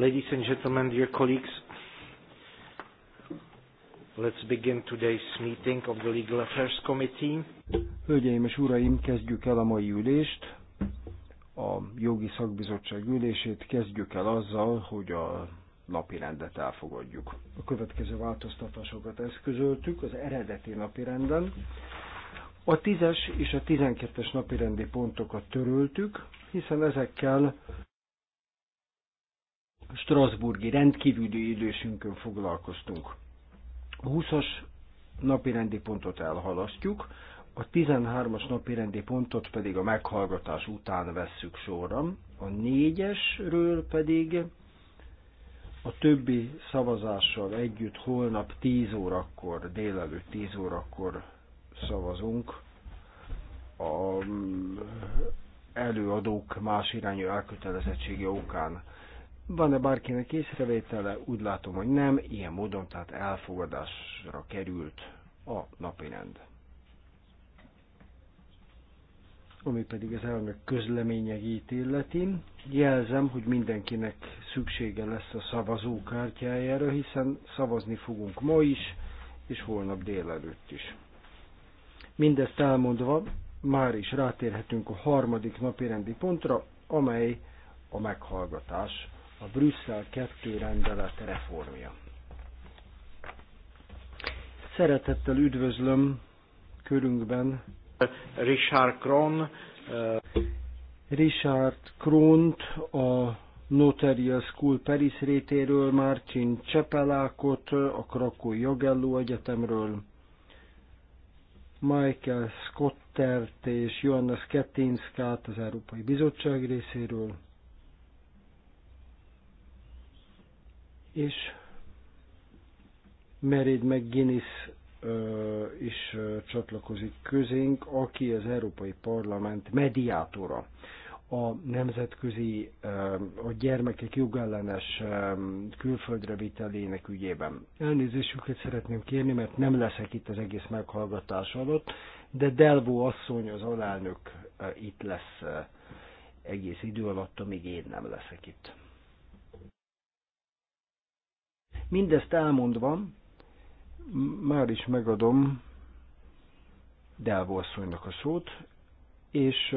Ladies and gentlemen, dear colleagues, let's begin today's meeting of the Legal Affairs Committee. Hölgyeim és uraim, kezdjük el a mai ülést. A jogi szakbizottság ülését kezdjük el azzal, hogy a napi rendet elfogadjuk. A következő változtatásokat eszközöltük az eredeti napi renden. A 10-es és a 12-es napi rendi pontokat töröltük, hiszen ezekkel Strasburgi rendkívüli idősünkön foglalkoztunk. A 20-as napirendi pontot elhalasztjuk, a 13-as napirendi pontot pedig a meghallgatás után vesszük sorra, a 4-esről pedig a többi szavazással együtt holnap 10 órakor, délelőtt 10 órakor szavazunk. A mm, előadók más irányú elkötelezettsége okán van-e bárkinek észrevétele? Úgy látom, hogy nem. Ilyen módon tehát elfogadásra került a napirend. Ami pedig az elnök közleménye illeti, jelzem, hogy mindenkinek szüksége lesz a szavazókártyájára, hiszen szavazni fogunk ma is, és holnap délelőtt is. Mindezt elmondva, már is rátérhetünk a harmadik napirendi pontra, amely a meghallgatás a Brüsszel 2 rendelet reformja. Szeretettel üdvözlöm körünkben Richard Kron, uh, Richard Kront, a Notarial School Paris rétéről, Martin Csepelákot, a Krakói Jogelló Egyetemről, Michael Scottert és Johannes Kettinskát az Európai Bizottság részéről, és Merid meg Guinness is csatlakozik közénk, aki az Európai Parlament mediátora a nemzetközi a gyermekek jogellenes külföldre vitelének ügyében. Elnézésüket szeretném kérni, mert nem leszek itt az egész meghallgatás alatt, de Delvo asszony, az alelnök itt lesz egész idő alatt, amíg én nem leszek itt. Mindezt elmondva, már is megadom Delvo asszonynak a szót, és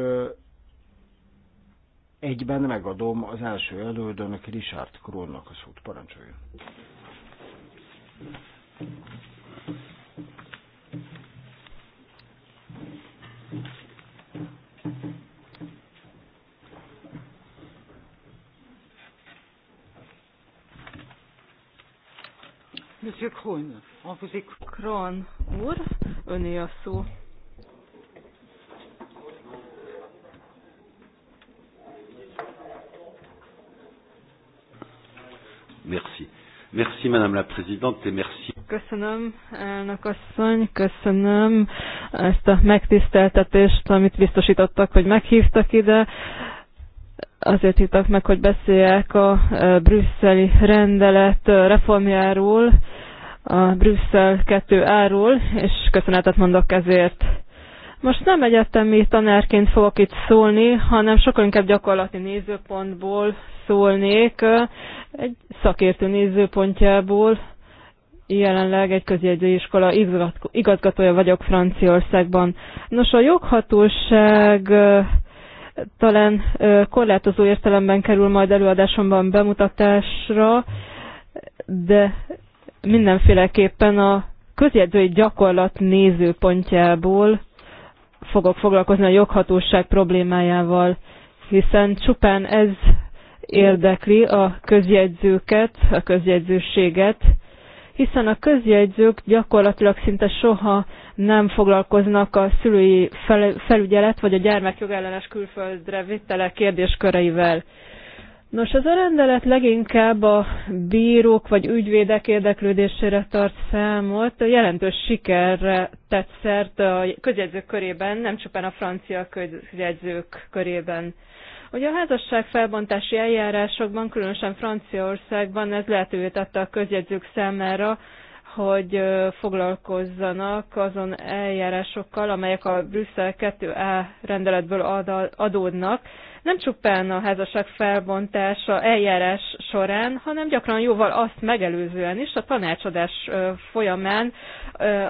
egyben megadom az első elődönök Richard Krónnak a szót. Parancsoljon! Monsieur Krohn, on vous écoute. Krohn úr, öné a szó. Merci. Merci, Madame la Présidente, et merci. Köszönöm, elnök asszony, köszönöm ezt a megtiszteltetést, amit biztosítottak, hogy meghívtak ide azért hittak meg, hogy beszéljek a e, brüsszeli rendelet e, reformjáról, a Brüsszel 2 áról és köszönetet mondok ezért. Most nem egyetemi tanárként fogok itt szólni, hanem sokkal inkább gyakorlati nézőpontból szólnék, e, egy szakértő nézőpontjából. Jelenleg egy közjegyzőiskola igazgatója vagyok Franciaországban. Nos, a joghatóság talán korlátozó értelemben kerül majd előadásomban bemutatásra, de mindenféleképpen a közjegyzői gyakorlat nézőpontjából fogok foglalkozni a joghatóság problémájával, hiszen csupán ez érdekli a közjegyzőket, a közjegyzőséget, hiszen a közjegyzők gyakorlatilag szinte soha nem foglalkoznak a szülői felügyelet vagy a gyermekjogellenes jogellenes külföldre vittele kérdésköreivel. Nos, az a rendelet leginkább a bírók vagy ügyvédek érdeklődésére tart számot. Jelentős sikerre tett szert a közjegyzők körében, nem csupán a francia közjegyzők körében. Ugye a házasság felbontási eljárásokban, különösen Franciaországban ez lehetővé tette a közjegyzők számára, hogy foglalkozzanak azon eljárásokkal, amelyek a Brüsszel 2A rendeletből adódnak, nem csupán a házasság felbontása eljárás során, hanem gyakran jóval azt megelőzően is a tanácsadás folyamán,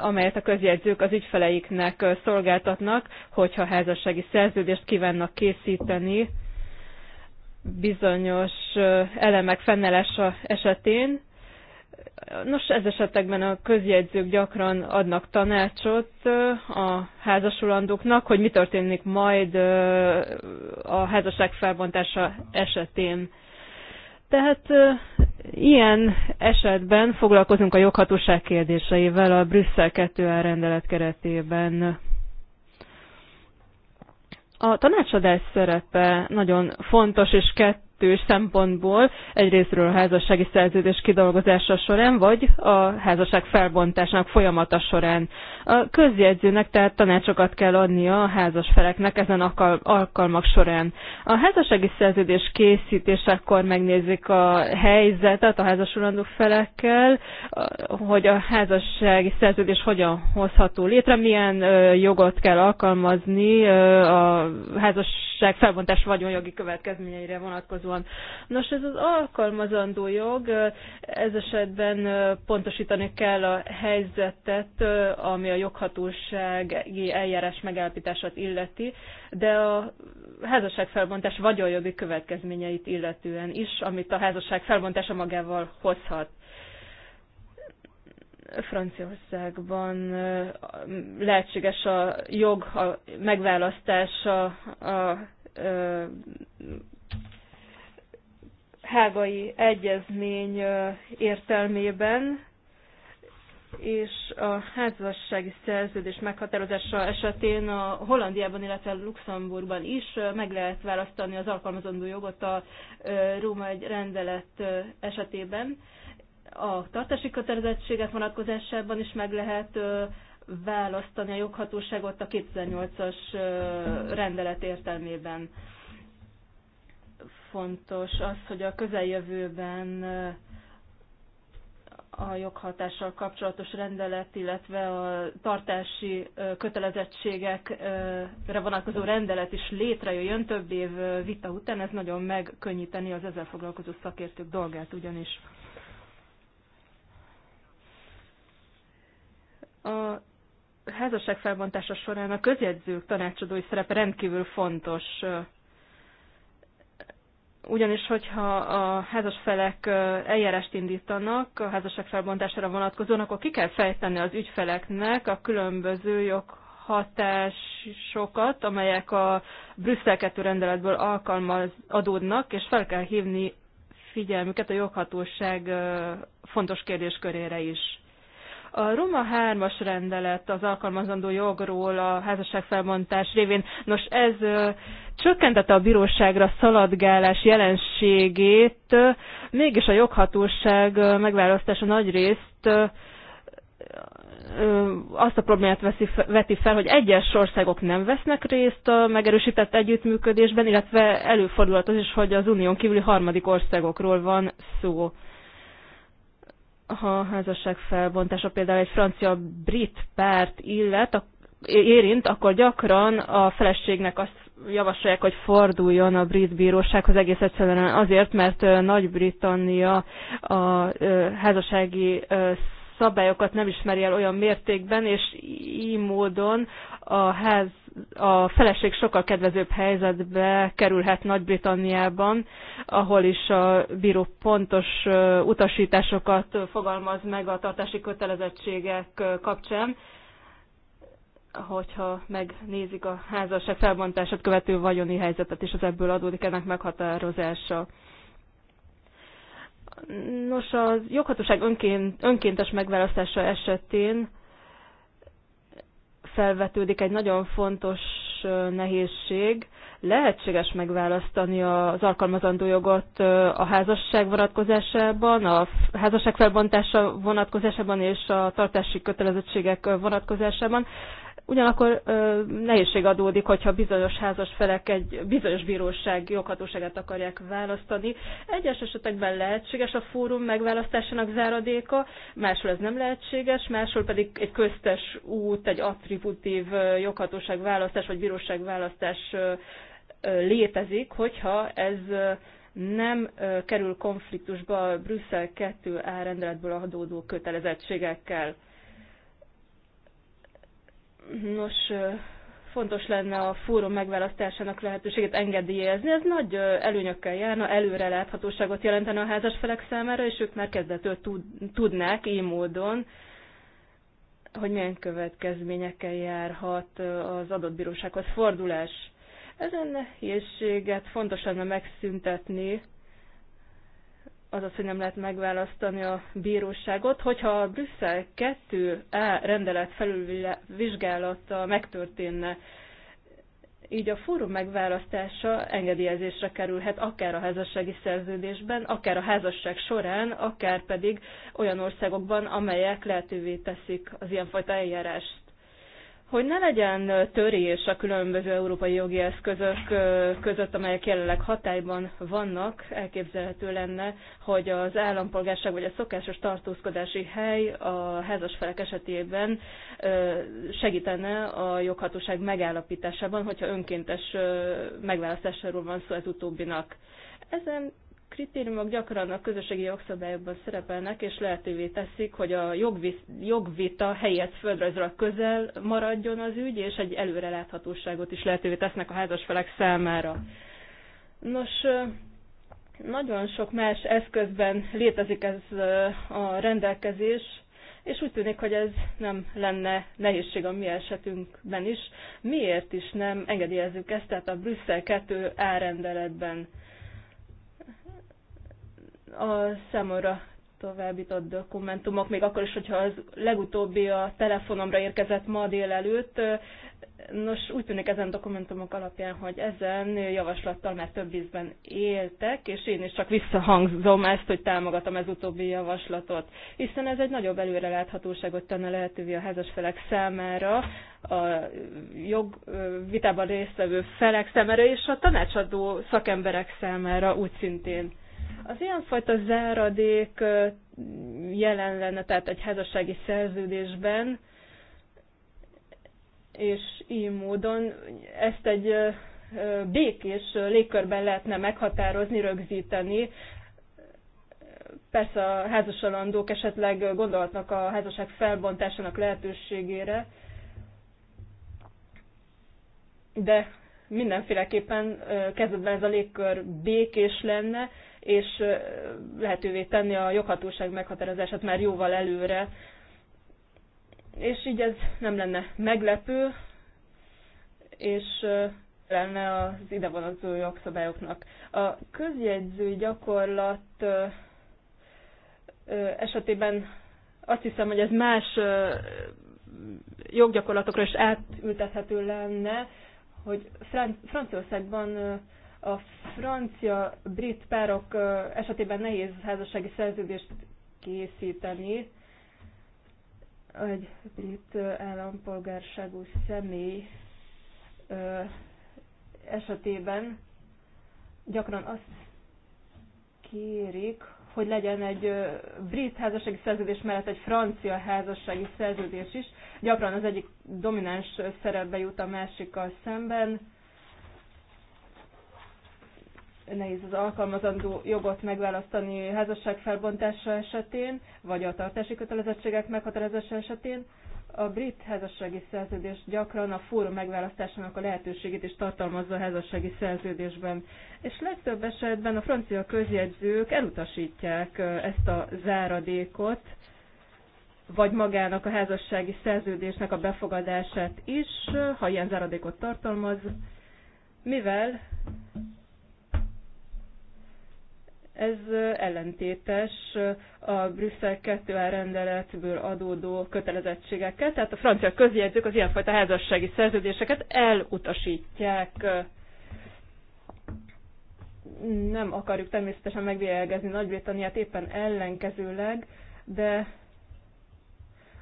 amelyet a közjegyzők az ügyfeleiknek szolgáltatnak, hogyha házassági szerződést kívánnak készíteni bizonyos elemek fennállása esetén, Nos, ez esetekben a közjegyzők gyakran adnak tanácsot a házasulandóknak, hogy mi történik majd a házasság felbontása esetén. Tehát ilyen esetben foglalkozunk a joghatóság kérdéseivel a Brüsszel 2A rendelet keretében. A tanácsadás szerepe nagyon fontos, és kettő kettő szempontból, egyrésztről a házassági szerződés kidolgozása során, vagy a házasság felbontásának folyamata során. A közjegyzőnek tehát tanácsokat kell adnia a házas feleknek ezen alkalmak során. A házassági szerződés készítésekor megnézik a helyzetet a házasulandó felekkel, hogy a házassági szerződés hogyan hozható létre, milyen jogot kell alkalmazni a házasság felbontás vagyonjogi következményeire vonatkozó van. Nos, ez az alkalmazandó jog, ez esetben pontosítani kell a helyzetet, ami a joghatósági eljárás megállapítását illeti, de a házasság felbontás vagyonjogi következményeit illetően is, amit a házasság felbontása magával hozhat. Franciaországban lehetséges a jog a megválasztása a hágai egyezmény értelmében, és a házassági szerződés meghatározása esetén a Hollandiában, illetve Luxemburgban is meg lehet választani az alkalmazandó jogot a Róma egy rendelet esetében. A tartási kötelezettséget vonatkozásában is meg lehet választani a joghatóságot a 2008-as rendelet értelmében fontos az, hogy a közeljövőben eh, a joghatással kapcsolatos rendelet, illetve a tartási eh, kötelezettségekre vonatkozó rendelet is létrejöjjön több év eh, vita után, ez nagyon megkönnyíteni az ezzel foglalkozó szakértők dolgát ugyanis. A házasság felbontása során a közjegyzők tanácsadói szerepe rendkívül fontos ugyanis hogyha a házas felek eljárást indítanak a házasság felbontására vonatkozóan, akkor ki kell fejteni az ügyfeleknek a különböző joghatásokat, amelyek a Brüsszel 2 rendeletből alkalmaz adódnak, és fel kell hívni figyelmüket a joghatóság fontos kérdéskörére is. A Roma 3-as rendelet az alkalmazandó jogról a házasságfelbontás révén, nos ez csökkentette a bíróságra szaladgálás jelenségét, mégis a joghatóság megválasztása nagy részt azt a problémát veszi, veti fel, hogy egyes országok nem vesznek részt a megerősített együttműködésben, illetve előfordulhat az is, hogy az unión kívüli harmadik országokról van szó. Ha a házasság felbontása például egy francia-brit párt illet, a érint, akkor gyakran a feleségnek azt javasolják, hogy forduljon a brit bírósághoz egész egyszerűen azért, mert Nagy-Britannia a házassági szabályokat nem ismeri el olyan mértékben, és így módon a, ház, a feleség sokkal kedvezőbb helyzetbe kerülhet Nagy-Britanniában, ahol is a bíró pontos utasításokat fogalmaz meg a tartási kötelezettségek kapcsán, hogyha megnézik a házasság felbontását követő vagyoni helyzetet, és az ebből adódik ennek meghatározása. Nos, a joghatóság önként, önkéntes megválasztása esetén felvetődik egy nagyon fontos nehézség. Lehetséges megválasztani az alkalmazandó jogot a házasság vonatkozásában, a házasság felbontása vonatkozásában és a tartási kötelezettségek vonatkozásában. Ugyanakkor ö, nehézség adódik, hogyha bizonyos házas felek egy bizonyos bíróság joghatóságát akarják választani. Egyes esetekben lehetséges a fórum megválasztásának záradéka, máshol ez nem lehetséges, máshol pedig egy köztes út, egy attributív joghatóság választás vagy bíróság választás létezik, hogyha ez nem kerül konfliktusba a Brüsszel 2 A rendeletből adódó kötelezettségekkel. Nos, fontos lenne a fórum megválasztásának lehetőséget engedélyezni. Ez nagy előnyökkel járna, előre láthatóságot jelentene a házasfelek számára, és ők már kezdetől tudnák így módon, hogy milyen következményekkel járhat az adott bírósághoz fordulás. Ezen nehézséget fontos lenne megszüntetni, azaz, hogy nem lehet megválasztani a bíróságot. Hogyha a Brüsszel 2A rendelet felülvizsgálata megtörténne, így a fórum megválasztása engedélyezésre kerülhet akár a házassági szerződésben, akár a házasság során, akár pedig olyan országokban, amelyek lehetővé teszik az ilyenfajta eljárást hogy ne legyen törés a különböző európai jogi eszközök között, amelyek jelenleg hatályban vannak, elképzelhető lenne, hogy az állampolgárság vagy a szokásos tartózkodási hely a házasfelek esetében segítene a joghatóság megállapításában, hogyha önkéntes megválasztásáról van szó ez utóbbinak. Ezen kritériumok gyakran a közösségi jogszabályokban szerepelnek, és lehetővé teszik, hogy a jogvita helyett földrajzra közel maradjon az ügy, és egy előreláthatóságot is lehetővé tesznek a házasfelek számára. Nos, nagyon sok más eszközben létezik ez a rendelkezés, és úgy tűnik, hogy ez nem lenne nehézség a mi esetünkben is. Miért is nem engedélyezzük ezt, tehát a Brüsszel 2 árendeletben a számomra továbbított dokumentumok, még akkor is, hogyha az legutóbbi a telefonomra érkezett ma délelőtt. Nos, úgy tűnik ezen dokumentumok alapján, hogy ezen javaslattal már több ízben éltek, és én is csak visszahangzom ezt, hogy támogatom ez utóbbi javaslatot, hiszen ez egy nagyobb előreláthatóságot tenne lehetővé a házasfelek számára, a jog résztvevő felek számára, és a tanácsadó szakemberek számára úgy szintén. Az ilyenfajta záradék jelen lenne, tehát egy házassági szerződésben, és így módon ezt egy békés légkörben lehetne meghatározni, rögzíteni. Persze a házasalandók esetleg gondolhatnak a házasság felbontásának lehetőségére, de mindenféleképpen kezdetben ez a légkör békés lenne, és lehetővé tenni a joghatóság meghatározását már jóval előre. És így ez nem lenne meglepő, és lenne az ide vonatkozó jogszabályoknak. A közjegyzői gyakorlat esetében azt hiszem, hogy ez más joggyakorlatokra is átültethető lenne, hogy Franciaországban a francia-brit párok esetében nehéz házassági szerződést készíteni, egy brit állampolgárságú személy esetében gyakran azt kérik, hogy legyen egy brit házassági szerződés mellett egy francia házassági szerződés is. Gyakran az egyik domináns szerepbe jut a másikkal szemben nehéz az alkalmazandó jogot megválasztani házasság felbontása esetén, vagy a tartási kötelezettségek meghatározása esetén. A brit házassági szerződés gyakran a fórum megválasztásának a lehetőségét is tartalmazza a házassági szerződésben. És legtöbb esetben a francia közjegyzők elutasítják ezt a záradékot, vagy magának a házassági szerződésnek a befogadását is, ha ilyen záradékot tartalmaz, mivel Ez ellentétes a Brüsszel 2 rendeletből adódó kötelezettségekkel, tehát a francia közjegyzők az ilyenfajta házassági szerződéseket elutasítják nem akarjuk természetesen megbélyegezni Nagy-Britanniát, éppen ellenkezőleg, de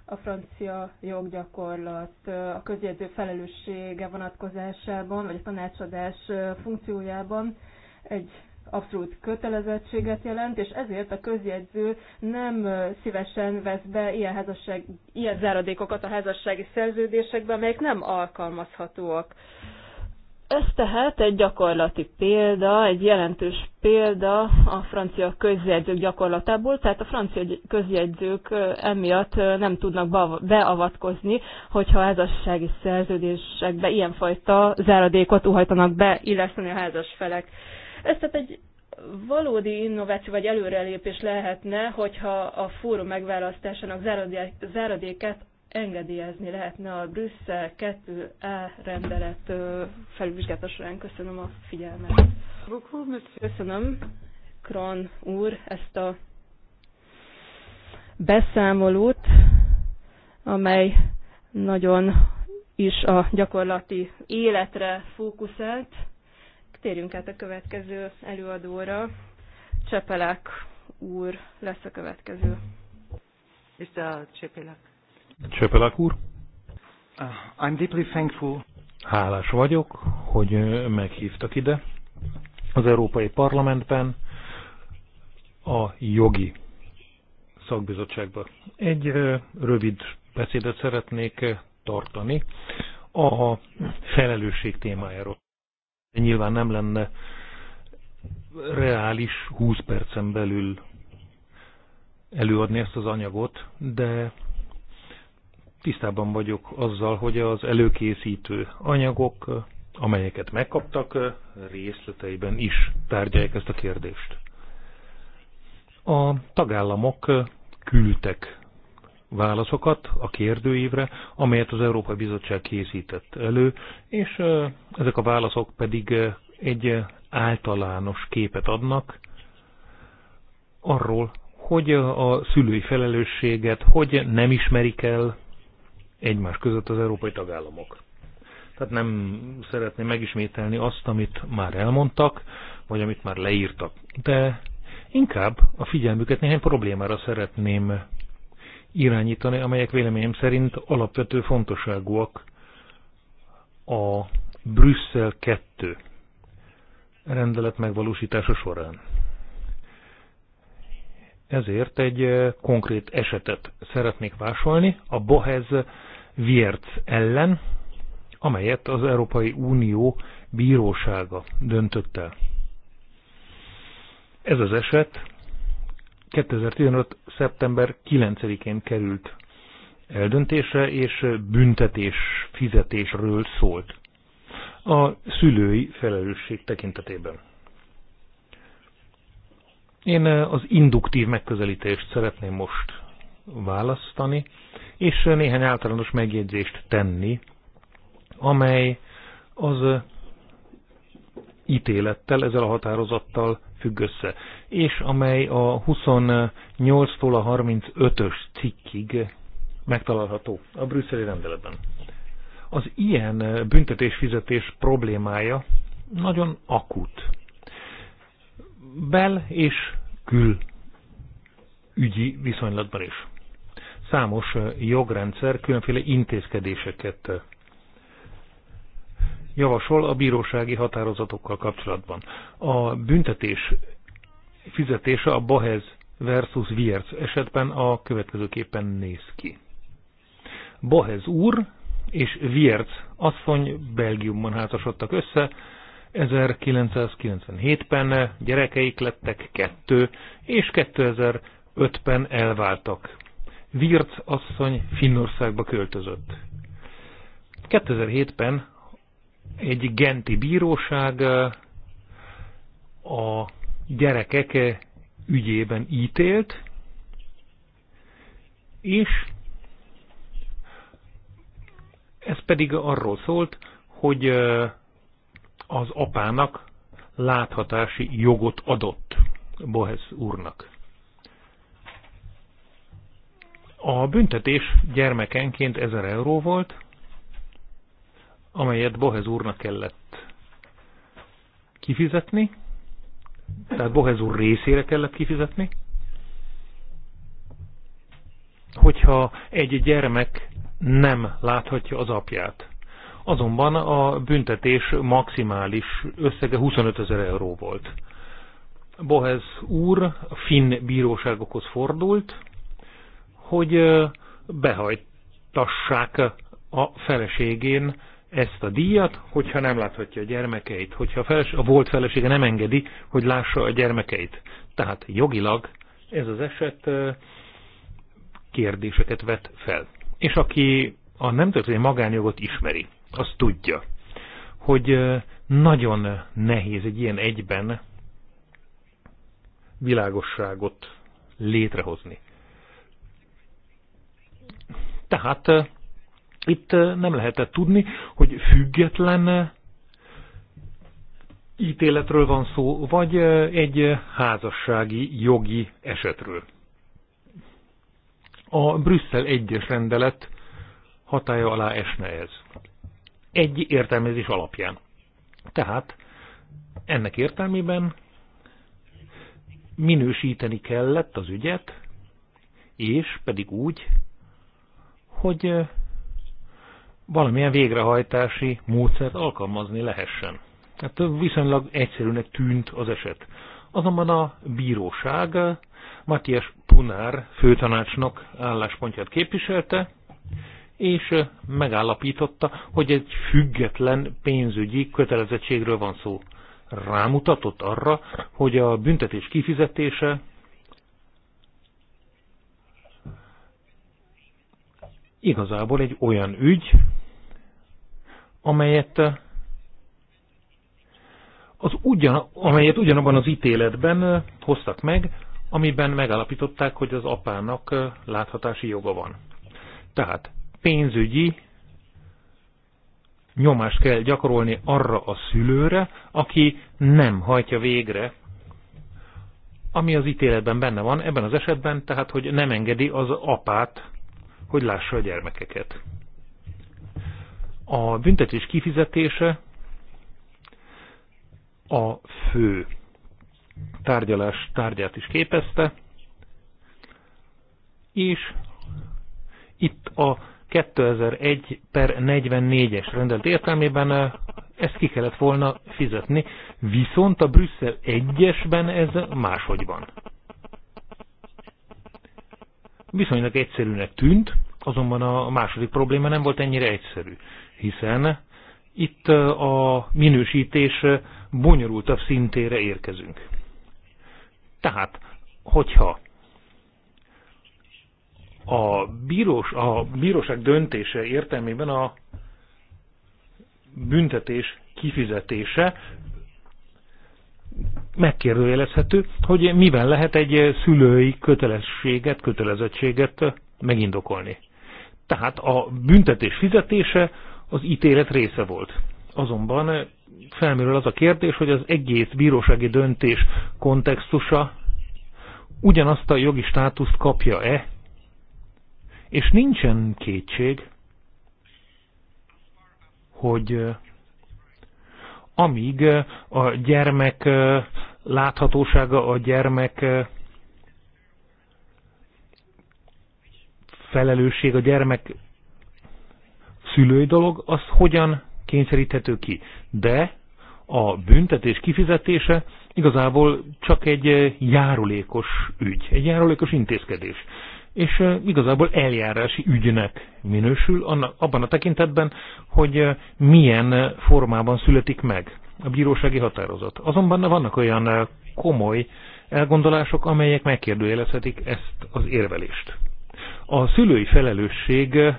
a francia joggyakorlat a közjegyző felelőssége vonatkozásában, vagy a tanácsadás funkciójában egy abszolút kötelezettséget jelent, és ezért a közjegyző nem szívesen vesz be ilyen, házasság, ilyen záradékokat a házassági szerződésekbe, amelyek nem alkalmazhatóak. Ez tehát egy gyakorlati példa, egy jelentős példa a francia közjegyzők gyakorlatából, tehát a francia közjegyzők emiatt nem tudnak beavatkozni, hogyha a házassági szerződésekbe ilyenfajta záradékot uhajtanak be, illeszteni a felek. Ez tehát egy valódi innováció vagy előrelépés lehetne, hogyha a fórum megválasztásának záradékát engedélyezni lehetne a Brüsszel 2A rendelet felvizsgálata során. Köszönöm a figyelmet. Köszönöm, Kron úr, ezt a beszámolót, amely nagyon is a gyakorlati életre fókuszált. Térjünk át a következő előadóra. Csepelek úr lesz a következő. Mr. Csepelek. Csepelek úr. Uh, I'm deeply thankful. Hálás vagyok, hogy meghívtak ide az Európai Parlamentben a jogi szakbizottságba. Egy rövid beszédet szeretnék tartani a felelősség témájáról nyilván nem lenne reális 20 percen belül előadni ezt az anyagot, de tisztában vagyok azzal, hogy az előkészítő anyagok, amelyeket megkaptak, részleteiben is tárgyalják ezt a kérdést. A tagállamok küldtek válaszokat a kérdőívre, amelyet az Európai Bizottság készített elő, és ezek a válaszok pedig egy általános képet adnak arról, hogy a szülői felelősséget hogy nem ismerik el egymás között az európai tagállamok. Tehát nem szeretném megismételni azt, amit már elmondtak, vagy amit már leírtak, de inkább a figyelmüket néhány problémára szeretném irányítani, amelyek véleményem szerint alapvető fontosságúak a Brüsszel 2 rendelet megvalósítása során. Ezért egy eh, konkrét esetet szeretnék vásolni, a Bohez Wiertz ellen, amelyet az Európai Unió bírósága döntött el. Ez az eset 2015. szeptember 9-én került eldöntése és büntetés fizetésről szólt a szülői felelősség tekintetében. Én az induktív megközelítést szeretném most választani, és néhány általános megjegyzést tenni, amely az ítélettel, ezzel a határozattal függ össze, és amely a 28-tól a 35-ös cikkig megtalálható a brüsszeli rendeletben. Az ilyen büntetés-fizetés problémája nagyon akut. Bel és kül ügyi viszonylatban is. Számos jogrendszer különféle intézkedéseket javasol a bírósági határozatokkal kapcsolatban. A büntetés fizetése a Bahez versus Wiertz esetben a következőképpen néz ki. Bahez úr és Wiertz asszony Belgiumban házasodtak össze, 1997-ben gyerekeik lettek kettő, és 2005-ben elváltak. Wirtz asszony Finnországba költözött. 2007-ben egy genti bíróság a gyerekek ügyében ítélt, és ez pedig arról szólt, hogy az apának láthatási jogot adott Bohes úrnak. A büntetés gyermekenként 1000 euró volt, amelyet Bohez úrnak kellett kifizetni, tehát Bohez úr részére kellett kifizetni, hogyha egy gyermek nem láthatja az apját. Azonban a büntetés maximális összege 25 ezer euró volt. Bohez úr a finn bíróságokhoz fordult, hogy behajtassák a feleségén ezt a díjat, hogyha nem láthatja a gyermekeit, hogyha a, feles, a volt felesége nem engedi, hogy lássa a gyermekeit. Tehát jogilag ez az eset kérdéseket vet fel. És aki a nem történő magánjogot ismeri, az tudja, hogy nagyon nehéz egy ilyen egyben világosságot létrehozni. Tehát itt nem lehetett tudni, hogy független ítéletről van szó, vagy egy házassági jogi esetről. A Brüsszel egyes rendelet hatája alá esne ez. Egy értelmezés alapján. Tehát ennek értelmében minősíteni kellett az ügyet, és pedig úgy, hogy valamilyen végrehajtási módszert alkalmazni lehessen. Hát viszonylag egyszerűnek tűnt az eset. Azonban a bíróság Matthias Punár főtanácsnok álláspontját képviselte, és megállapította, hogy egy független pénzügyi kötelezettségről van szó. Rámutatott arra, hogy a büntetés kifizetése igazából egy olyan ügy, amelyet az ugyan, amelyet ugyanabban az ítéletben hoztak meg, amiben megállapították, hogy az apának láthatási joga van. Tehát pénzügyi nyomást kell gyakorolni arra a szülőre, aki nem hajtja végre, ami az ítéletben benne van, ebben az esetben tehát, hogy nem engedi az apát, hogy lássa a gyermekeket. A büntetés kifizetése a fő tárgyalás tárgyát is képezte, és itt a 2001 per 44-es rendelt értelmében eh, ezt ki kellett volna fizetni, viszont a Brüsszel 1-esben ez máshogy van. Viszonylag egyszerűnek tűnt, azonban a második probléma nem volt ennyire egyszerű hiszen itt a minősítés bonyolultabb szintére érkezünk. Tehát, hogyha a, bírós, a bíróság döntése értelmében a büntetés kifizetése megkérdőjelezhető, hogy miben lehet egy szülői kötelességet, kötelezettséget megindokolni. Tehát a büntetés fizetése az ítélet része volt. Azonban felmerül az a kérdés, hogy az egész bírósági döntés kontextusa ugyanazt a jogi státuszt kapja-e, és nincsen kétség, hogy eh, amíg eh, a gyermek eh, láthatósága, a gyermek felelősség, a gyermek szülői dolog, az hogyan kényszeríthető ki. De a büntetés kifizetése igazából csak egy eh, járulékos ügy, egy járulékos intézkedés. És eh, igazából eljárási ügynek minősül abban a tekintetben, hogy eh, milyen formában születik meg a bírósági határozat. Azonban vannak olyan komoly elgondolások, amelyek megkérdőjelezhetik ezt az érvelést. A szülői felelősség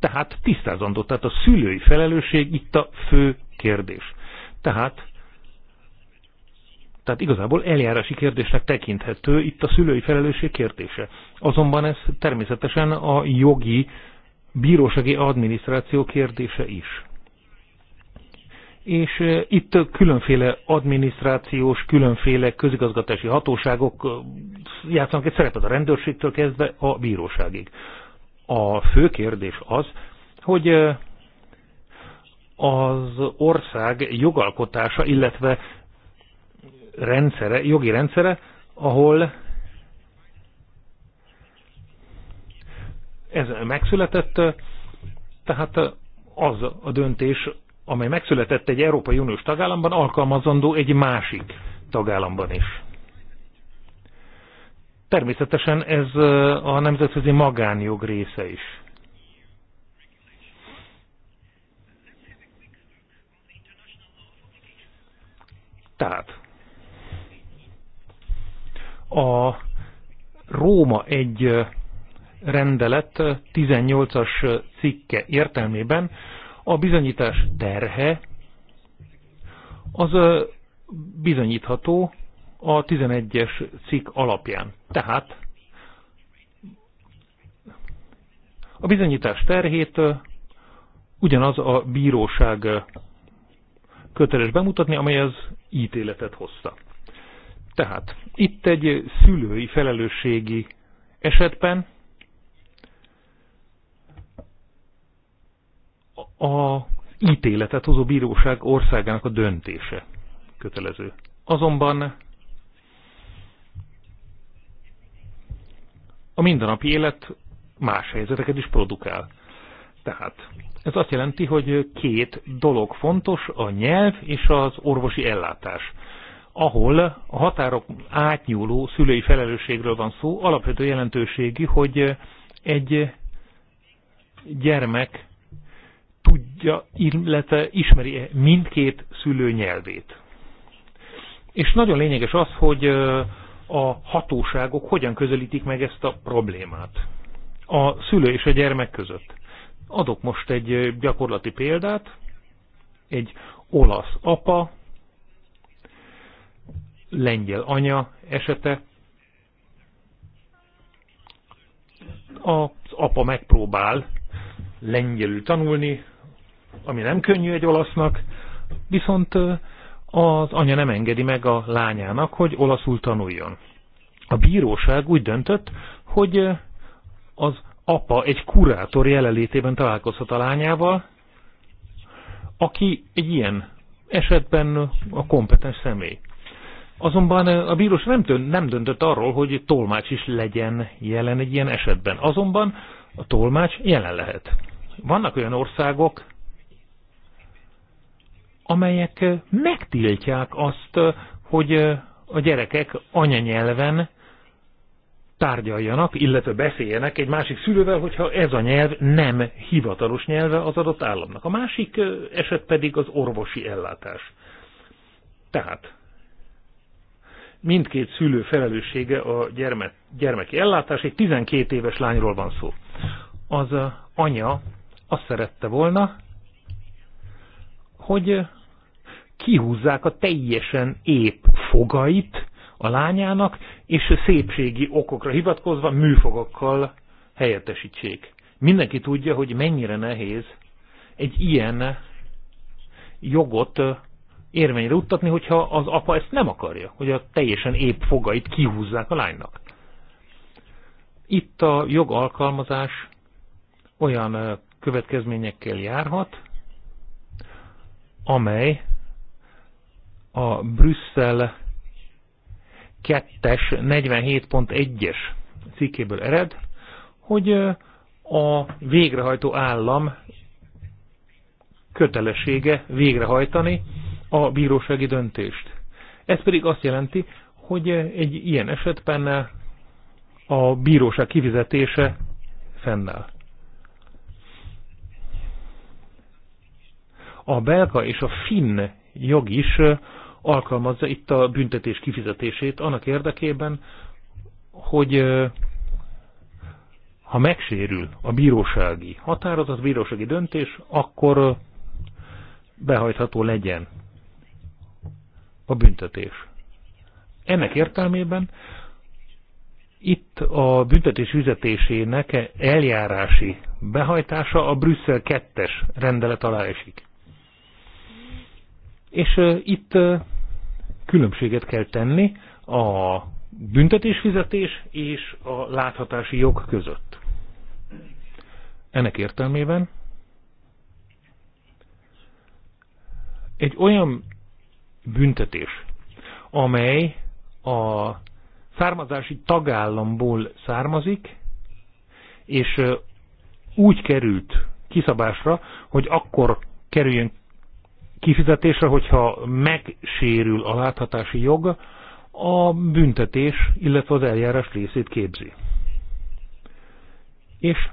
tehát tisztázandó, tehát a szülői felelősség itt a fő kérdés. Tehát, tehát igazából eljárási kérdésnek tekinthető itt a szülői felelősség kérdése. Azonban ez természetesen a jogi, bírósági adminisztráció kérdése is. És eh, itt különféle adminisztrációs, különféle közigazgatási hatóságok eh, játszanak egy szerepet a rendőrségtől kezdve a bíróságig. A fő kérdés az, hogy az ország jogalkotása, illetve rendszere, jogi rendszere, ahol ez megszületett, tehát az a döntés, amely megszületett egy Európai Uniós tagállamban, alkalmazandó egy másik tagállamban is. Természetesen ez eh, a nemzetközi magánjog része is. Tehát a Róma egy eh, rendelet 18-as eh, cikke értelmében a bizonyítás terhe az bizonyítható a 11-es cikk alapján. Tehát a bizonyítás terhét ugyanaz a bíróság köteles bemutatni, amely az ítéletet hozta. Tehát itt egy szülői felelősségi esetben a ítéletet hozó bíróság országának a döntése kötelező. Azonban a mindennapi élet más helyzeteket is produkál. Tehát ez azt jelenti, hogy két dolog fontos, a nyelv és az orvosi ellátás. Ahol a határok átnyúló szülői felelősségről van szó, alapvető jelentőségi, hogy egy gyermek tudja, illetve ismeri -e mindkét szülő nyelvét. És nagyon lényeges az, hogy a hatóságok hogyan közelítik meg ezt a problémát a szülő és a gyermek között. Adok most egy gyakorlati példát. Egy olasz apa, lengyel anya esete. Az apa megpróbál lengyelül tanulni, ami nem könnyű egy olasznak, viszont az anya nem engedi meg a lányának, hogy olaszul tanuljon. A bíróság úgy döntött, hogy az apa egy kurátor jelenlétében találkozhat a lányával, aki egy ilyen esetben a kompetens személy. Azonban a bírós nem, tön, nem döntött arról, hogy tolmács is legyen jelen egy ilyen esetben. Azonban a tolmács jelen lehet. Vannak olyan országok, amelyek megtiltják azt, hogy a gyerekek anyanyelven tárgyaljanak, illetve beszéljenek egy másik szülővel, hogyha ez a nyelv nem hivatalos nyelve az adott államnak. A másik eset pedig az orvosi ellátás. Tehát mindkét szülő felelőssége a gyerme, gyermeki ellátás. Egy 12 éves lányról van szó. Az anya azt szerette volna, hogy kihúzzák a teljesen ép fogait a lányának, és szépségi okokra hivatkozva műfogakkal helyettesítsék. Mindenki tudja, hogy mennyire nehéz egy ilyen jogot érvényre uttatni, hogyha az apa ezt nem akarja, hogy a teljesen épp fogait kihúzzák a lánynak. Itt a jogalkalmazás olyan következményekkel járhat, amely a Brüsszel 2-es 47.1-es cikkéből ered, hogy a végrehajtó állam kötelessége végrehajtani a bírósági döntést. Ez pedig azt jelenti, hogy egy ilyen esetben a bíróság kivizetése fennáll. A belga és a finn jog is alkalmazza itt a büntetés kifizetését annak érdekében, hogy ha megsérül a bírósági határozat, bírósági döntés, akkor behajtható legyen a büntetés. Ennek értelmében itt a büntetés fizetésének eljárási behajtása a Brüsszel 2-es rendelet alá esik. És itt különbséget kell tenni a büntetésfizetés és a láthatási jog között. Ennek értelmében egy olyan büntetés, amely a származási tagállamból származik, és úgy került kiszabásra, hogy akkor kerüljön kifizetésre, hogyha megsérül a láthatási jog, a büntetés, illetve az eljárás részét képzi. És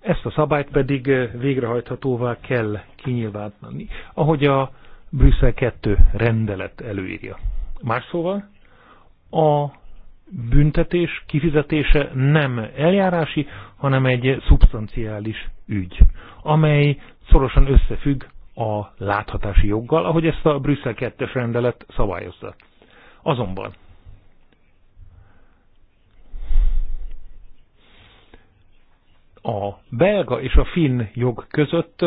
ezt a szabályt pedig végrehajthatóvá kell kinyilvánítani, ahogy a Brüsszel 2 rendelet előírja. Más szóval, a büntetés kifizetése nem eljárási, hanem egy szubstanciális ügy, amely szorosan összefügg a láthatási joggal, ahogy ezt a Brüsszel 2-es rendelet szabályozza. Azonban a belga és a finn jog között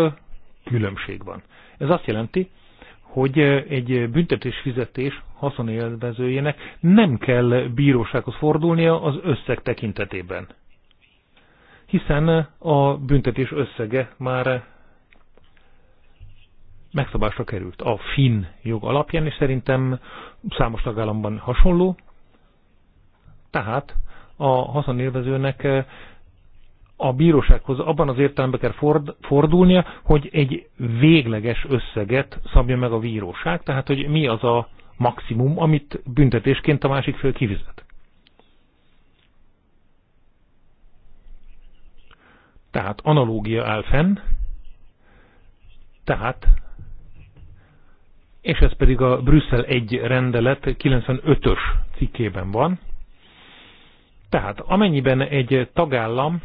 különbség van. Ez azt jelenti, hogy egy büntetés fizetés haszonélvezőjének nem kell bírósághoz fordulnia az összeg tekintetében. Hiszen a büntetés összege már megszabásra került a finn jog alapján, és szerintem számos tagállamban hasonló. Tehát a haszonélvezőnek eh, a bírósághoz abban az értelemben kell ford, fordulnia, hogy egy végleges összeget szabja meg a bíróság, tehát hogy mi az a maximum, amit büntetésként a másik fél kivizet. Tehát analógia áll fenn, tehát és ez pedig a Brüsszel egy rendelet 95-ös cikkében van. Tehát amennyiben egy tagállam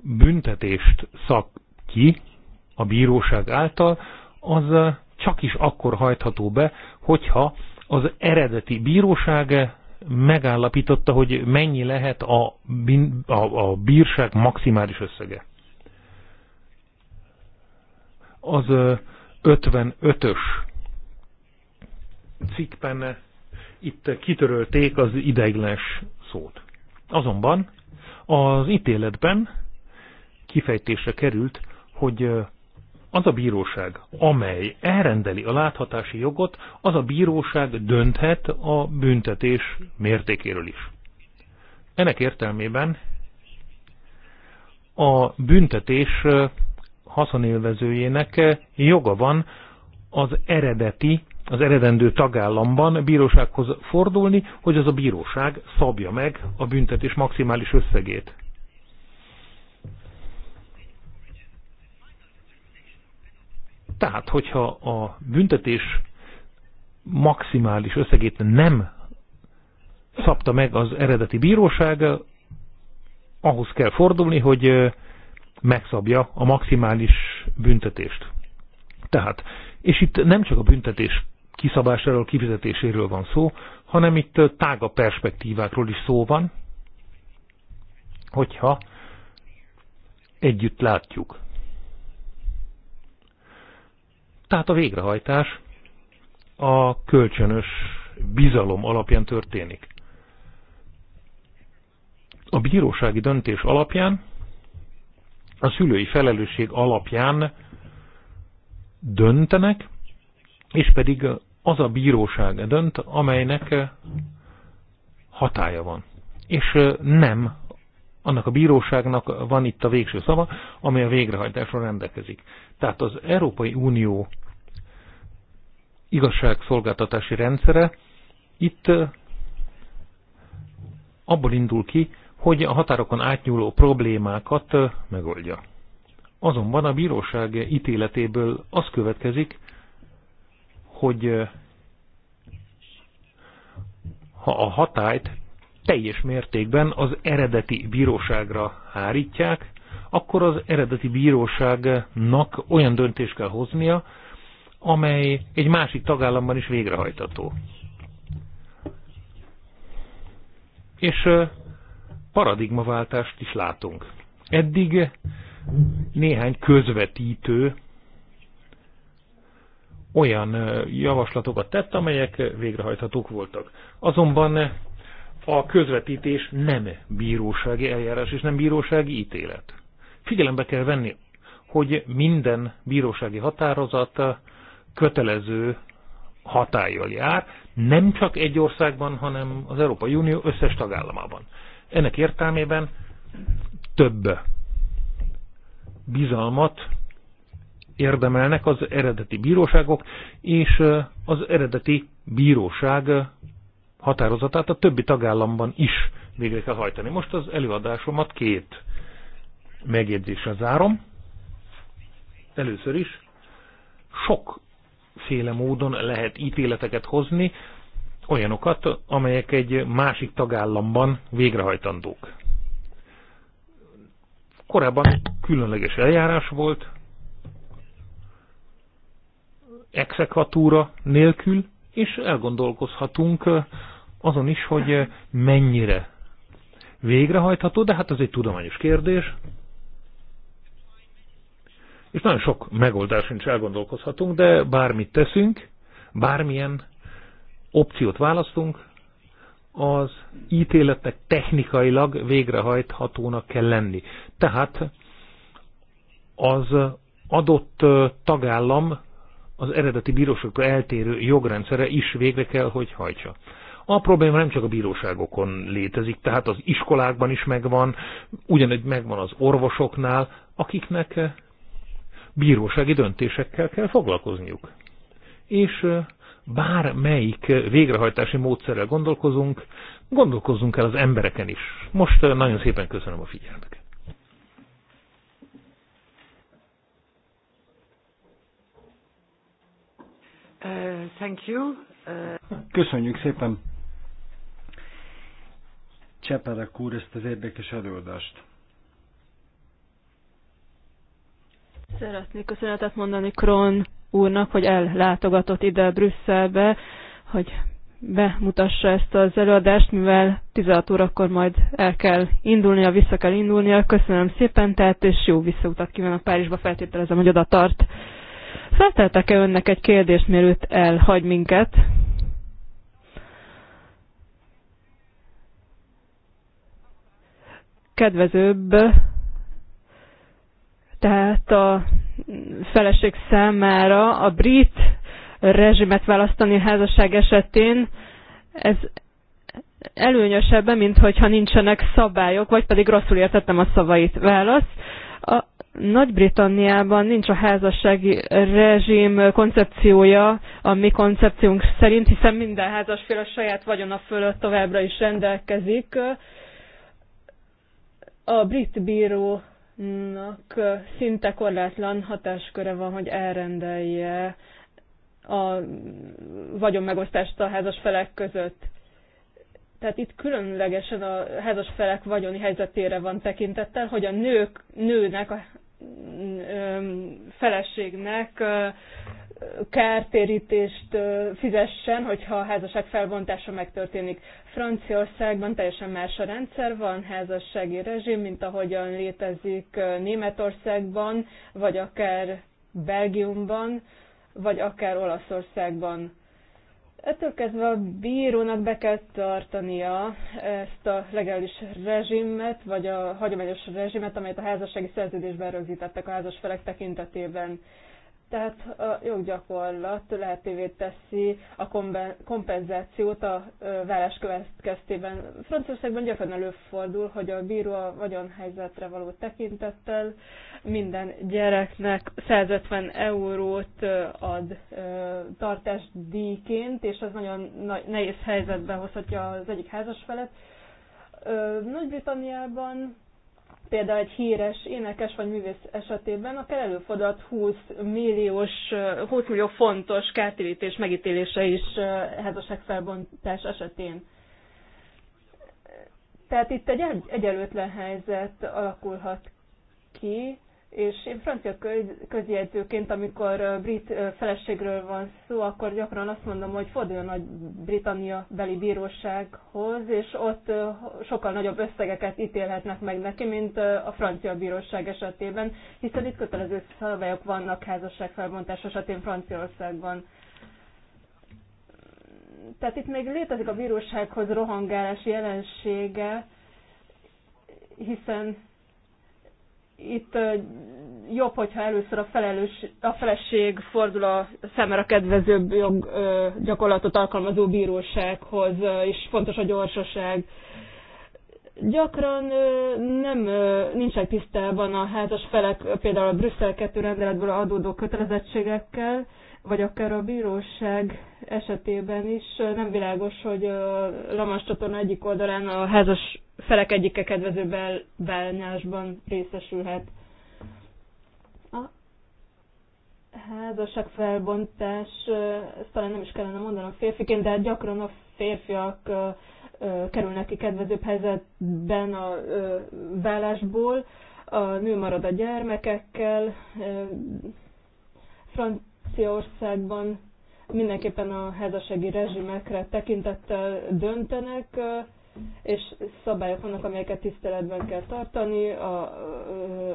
büntetést szak ki a bíróság által, az csak is akkor hajtható be, hogyha az eredeti bíróság megállapította, hogy mennyi lehet a, a, a bírság maximális összege. Az 55-ös cikkben itt kitörölték az ideiglenes szót. Azonban az ítéletben kifejtésre került, hogy az a bíróság, amely elrendeli a láthatási jogot, az a bíróság dönthet a büntetés mértékéről is. Ennek értelmében a büntetés haszonélvezőjének eh, joga van az eredeti, az eredendő tagállamban bírósághoz fordulni, hogy az a bíróság szabja meg a büntetés maximális összegét. Tehát, hogyha a büntetés maximális összegét nem szabta meg az eredeti bíróság, eh, ahhoz kell fordulni, hogy eh, megszabja a maximális büntetést. Tehát, és itt nem csak a büntetés kiszabásáról, kifizetéséről van szó, hanem itt tága perspektívákról is szó van, hogyha együtt látjuk. Tehát a végrehajtás a kölcsönös bizalom alapján történik. A bírósági döntés alapján a szülői felelősség alapján döntenek, és pedig az a bíróság dönt, amelynek hatája van. És nem, annak a bíróságnak van itt a végső szava, amely a végrehajtásra rendelkezik. Tehát az Európai Unió igazságszolgáltatási rendszere itt abból indul ki, hogy a határokon átnyúló problémákat megoldja. Azonban a bíróság ítéletéből az következik, hogy ha a hatályt teljes mértékben az eredeti bíróságra hárítják, akkor az eredeti bíróságnak olyan döntést kell hoznia, amely egy másik tagállamban is végrehajtató. És paradigmaváltást is látunk. Eddig néhány közvetítő olyan javaslatokat tett, amelyek végrehajthatók voltak. Azonban a közvetítés nem bírósági eljárás és nem bírósági ítélet. Figyelembe kell venni, hogy minden bírósági határozat kötelező hatállyal jár, nem csak egy országban, hanem az Európai Unió összes tagállamában. Ennek értelmében több bizalmat érdemelnek az eredeti bíróságok, és az eredeti bíróság határozatát a többi tagállamban is végre kell hajtani. Most az előadásomat két megjegyzésre zárom. Először is sokféle módon lehet ítéleteket hozni olyanokat, amelyek egy másik tagállamban végrehajtandók. Korábban különleges eljárás volt, exekvatúra nélkül, és elgondolkozhatunk azon is, hogy mennyire végrehajtható, de hát ez egy tudományos kérdés. És nagyon sok megoldás nincs elgondolkozhatunk, de bármit teszünk, bármilyen opciót választunk, az ítéletnek technikailag végrehajthatónak kell lenni. Tehát az adott tagállam az eredeti bíróságtól eltérő jogrendszere is végre kell, hogy hajtsa. A probléma nem csak a bíróságokon létezik, tehát az iskolákban is megvan, ugyanúgy megvan az orvosoknál, akiknek bírósági döntésekkel kell foglalkozniuk. És bármelyik végrehajtási módszerrel gondolkozunk, gondolkozzunk el az embereken is. Most eh, nagyon szépen köszönöm a figyelmet. Uh, thank you. Uh... Köszönjük szépen. Cseperek úr ezt az érdekes előadást. Szeretnék köszönetet mondani Kron úrnak, hogy ellátogatott ide Brüsszelbe, hogy bemutassa ezt az előadást, mivel 16 órakor majd el kell indulnia, vissza kell indulnia. Köszönöm szépen, tehát és jó visszautat kívánok Párizsba, feltételezem, hogy oda tart. Felteltek-e önnek egy kérdést, mielőtt elhagy minket? Kedvezőbb, tehát a feleség számára a brit rezsimet választani a házasság esetén, ez előnyösebb, mint hogyha nincsenek szabályok, vagy pedig rosszul értettem a szavait. Válasz. A Nagy-Britanniában nincs a házassági rezsim koncepciója a mi koncepciónk szerint, hiszen minden házasfél a saját vagyona fölött továbbra is rendelkezik. A brit bíró nak szinte korlátlan hatásköre van, hogy elrendelje a vagyonmegosztást a házas felek között. Tehát itt különlegesen a házas felek vagyoni helyzetére van tekintettel, hogy a nők, nőnek, a feleségnek kártérítést fizessen, hogyha a házasság felbontása megtörténik. Franciaországban teljesen más a rendszer, van házassági rezsim, mint ahogyan létezik Németországban, vagy akár Belgiumban, vagy akár Olaszországban. Ettől kezdve a bírónak be kell tartania ezt a legális rezsimet, vagy a hagyományos rezsimet, amelyet a házassági szerződésben rögzítettek a házas felek tekintetében. Tehát a joggyakorlat lehetővé teszi a kompenzációt a vállás következtében. Franciaországban gyakran előfordul, hogy a bíró a vagyonhelyzetre való tekintettel minden gyereknek 150 eurót ad tartásdíjként, és ez nagyon nehéz helyzetbe hozhatja az egyik házasfelet. Nagy-Britanniában például egy híres énekes vagy művész esetében akár előfordulhat 20 milliós, 20 millió fontos kártérítés megítélése is felbontás esetén. Tehát itt egy egyenlőtlen helyzet alakulhat ki, és én francia közjegyzőként, amikor brit feleségről van szó, akkor gyakran azt mondom, hogy forduljon a Britannia beli bírósághoz, és ott sokkal nagyobb összegeket ítélhetnek meg neki, mint a francia bíróság esetében, hiszen itt kötelező szabályok vannak felbontás esetén Franciaországban. Tehát itt még létezik a bírósághoz rohangálás jelensége, hiszen itt jobb, hogyha először a, felelős, a feleség fordul a a kedvezőbb jog, gyakorlatot alkalmazó bírósághoz, és fontos a gyorsaság. Gyakran nem nincsenek tisztában a házas felek, például a Brüsszel 2 rendeletből adódó kötelezettségekkel, vagy akár a bíróság esetében is nem világos, hogy a Lamas csatorna egyik oldalán a házas felek egyike kedvező bánásban részesülhet. A házasság felbontás, ezt talán nem is kellene mondanom férfiként, de hát gyakran a férfiak kerülnek ki kedvezőbb helyzetben a vállásból, a nő marad a gyermekekkel, Franciaországban mindenképpen a házassági rezsimekre tekintettel döntenek, és szabályok vannak, amelyeket tiszteletben kell tartani, a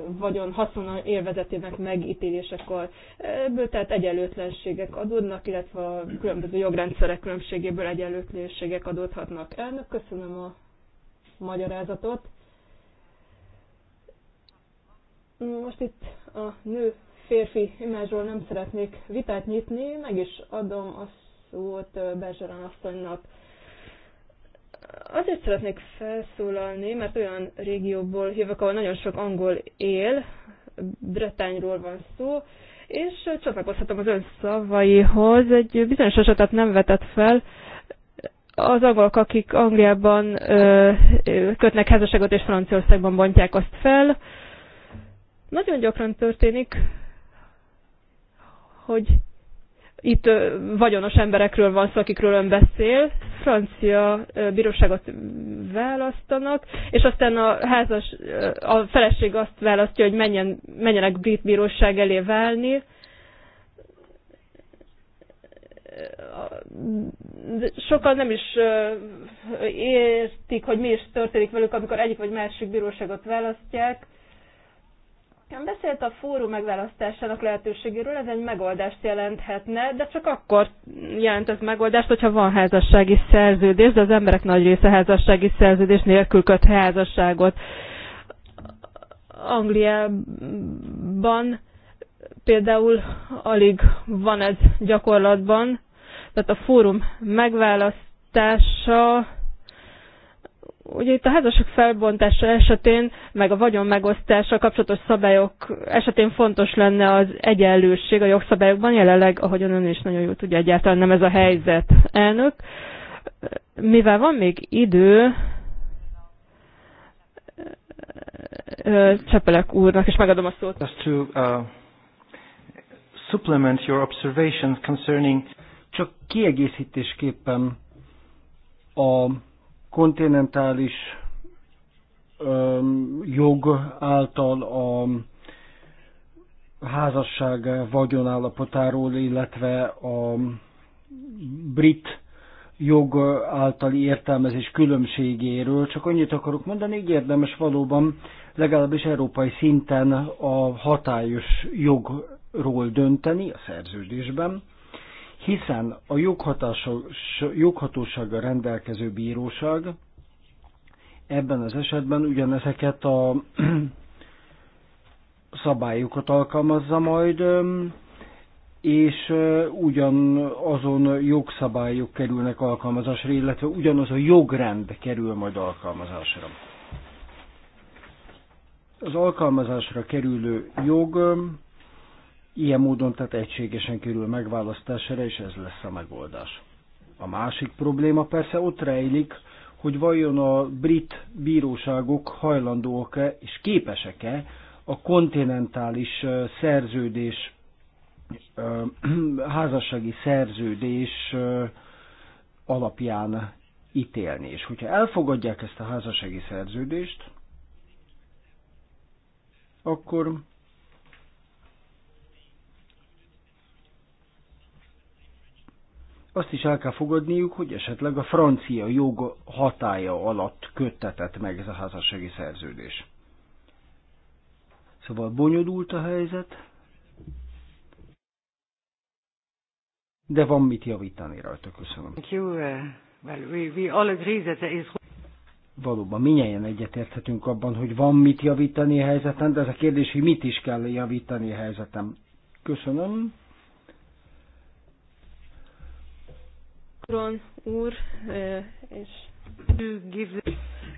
vagyon haszona élvezetének megítélésekor. Ebből tehát egyenlőtlenségek adódnak, illetve a különböző jogrendszerek különbségéből egyenlőtlenségek adódhatnak. Elnök, köszönöm a magyarázatot. Most itt a nő férfi imázsról nem szeretnék vitát nyitni, meg is adom a szót Berzsaran asszonynak. Azért szeretnék felszólalni, mert olyan régióból jövök, ahol nagyon sok angol él, Bretányról van szó, és csatlakozhatom az ön szavaihoz. Egy bizonyos esetet nem vetett fel, az angolok, akik Angliában ö, kötnek házasságot és Franciaországban bontják azt fel, nagyon gyakran történik, hogy itt vagyonos emberekről van szó, akikről ön beszél, francia bíróságot választanak, és aztán a házas, a feleség azt választja, hogy menjen, menjenek brit bíróság elé válni. Sokan nem is értik, hogy mi is történik velük, amikor egyik vagy másik bíróságot választják Beszélt a fórum megválasztásának lehetőségéről, ez egy megoldást jelenthetne, de csak akkor jelent ez megoldást, hogyha van házassági szerződés, de az emberek nagy része házassági szerződés nélkül köt házasságot. Angliában például alig van ez gyakorlatban, tehát a fórum megválasztása Ugye itt a házasok felbontása esetén, meg a vagyon megosztása kapcsolatos szabályok esetén fontos lenne az egyenlőség a jogszabályokban, jelenleg, ahogy ön is nagyon jól tudja, egyáltalán nem ez a helyzet, elnök. Mivel van még idő, Csepelek úrnak, és megadom a szót. Just to, uh, supplement your observations concerning... Csak kiegészítésképpen a kontinentális jog által a házasság vagyonállapotáról, illetve a brit jog általi értelmezés különbségéről. Csak annyit akarok mondani, így érdemes valóban legalábbis európai szinten a hatályos jogról dönteni a szerződésben, hiszen a joghatósággal rendelkező bíróság ebben az esetben ugyanezeket a szabályokat alkalmazza majd, és ugyanazon jogszabályok kerülnek alkalmazásra, illetve ugyanaz a jogrend kerül majd alkalmazásra. Az alkalmazásra kerülő jog Ilyen módon tehát egységesen kerül megválasztásra, és ez lesz a megoldás. A másik probléma persze ott rejlik, hogy vajon a brit bíróságok hajlandóak-e és képesek-e a kontinentális szerződés, házassági szerződés alapján ítélni. És hogyha elfogadják ezt a házassági szerződést, akkor azt is el kell fogadniuk, hogy esetleg a francia jog hatája alatt köttetett meg ez a házassági szerződés. Szóval bonyolult a helyzet, de van mit javítani rajta, köszönöm. Thank you. Uh, well, we, we all agree that there is... Valóban minnyáján egyetérthetünk abban, hogy van mit javítani a helyzeten, de ez a kérdés, hogy mit is kell javítani a helyzetem. Köszönöm. Kron úr, és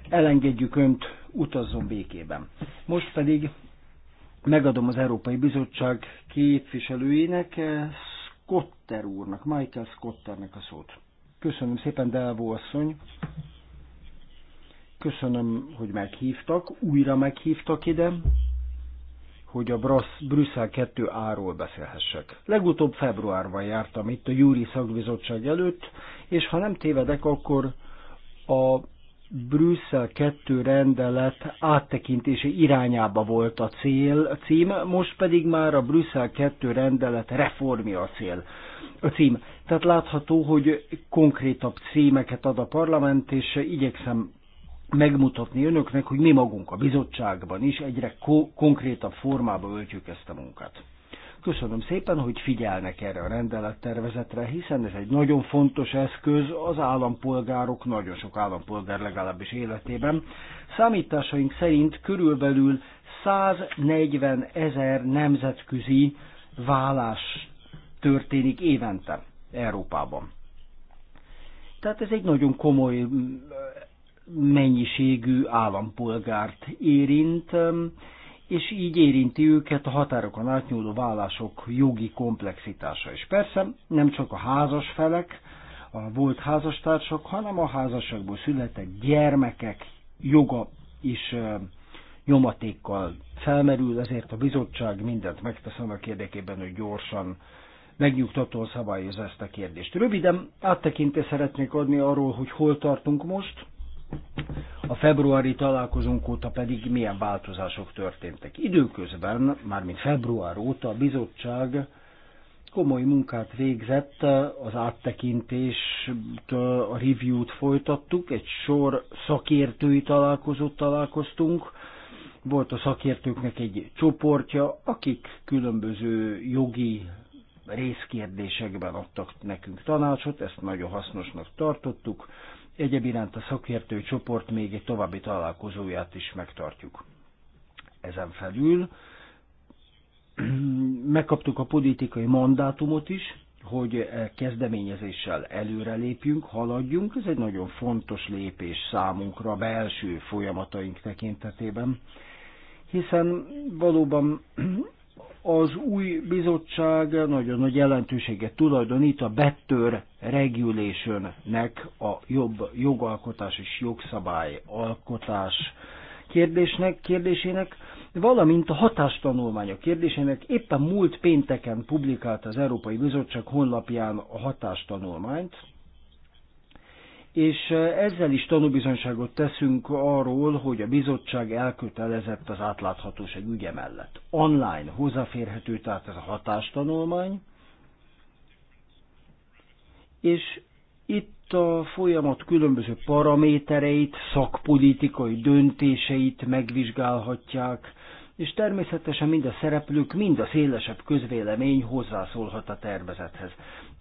elengedjük önt, utazzon békében. Most pedig megadom az Európai Bizottság képviselőjének, eh, Scotter úrnak, Michael Scotternek a szót. Köszönöm szépen, Delvó asszony. Köszönöm, hogy meghívtak, újra meghívtak ide hogy a Brass, Brüsszel 2 áról beszélhessek. Legutóbb februárban jártam itt a Júri Szakbizottság előtt, és ha nem tévedek, akkor a Brüsszel 2 rendelet áttekintése irányába volt a cél, a cím, most pedig már a Brüsszel 2 rendelet reformja a cél, a cím. Tehát látható, hogy konkrétabb címeket ad a parlament, és igyekszem megmutatni önöknek, hogy mi magunk a bizottságban is egyre ko- konkrétabb formába öltjük ezt a munkát. Köszönöm szépen, hogy figyelnek erre a rendelettervezetre, hiszen ez egy nagyon fontos eszköz az állampolgárok, nagyon sok állampolgár legalábbis életében. Számításaink szerint körülbelül 140 ezer nemzetközi vállás történik évente Európában. Tehát ez egy nagyon komoly mennyiségű állampolgárt érint, és így érinti őket a határokon átnyúló vállások jogi komplexitása. És persze nem csak a házas felek, a volt házastársak, hanem a házasságból született gyermekek joga is nyomatékkal felmerül, ezért a bizottság mindent megtesz annak érdekében, hogy gyorsan megnyugtatóan szabályozza ezt a kérdést. Röviden áttekintést szeretnék adni arról, hogy hol tartunk most, a februári találkozónk óta pedig milyen változások történtek. Időközben, mármint február óta a bizottság komoly munkát végzett, az áttekintést, a review-t folytattuk, egy sor szakértői találkozót találkoztunk, volt a szakértőknek egy csoportja, akik különböző jogi részkérdésekben adtak nekünk tanácsot, ezt nagyon hasznosnak tartottuk. Egyéb iránt a szakértői csoport még egy további találkozóját is megtartjuk. Ezen felül megkaptuk a politikai mandátumot is, hogy e kezdeményezéssel előrelépjünk, haladjunk. Ez egy nagyon fontos lépés számunkra belső folyamataink tekintetében, hiszen valóban az új bizottság nagyon nagy jelentőséget tulajdonít a Better nek, a jobb jogalkotás és jogszabály alkotás kérdésnek, kérdésének, valamint a hatástanulmányok kérdésének éppen múlt pénteken publikált az Európai Bizottság honlapján a hatástanulmányt, és ezzel is tanúbizonyságot teszünk arról, hogy a bizottság elkötelezett az átláthatóság ügye mellett. Online hozzáférhető tehát ez a hatástanulmány, és itt a folyamat különböző paramétereit, szakpolitikai döntéseit megvizsgálhatják, és természetesen mind a szereplők, mind a szélesebb közvélemény hozzászólhat a tervezethez.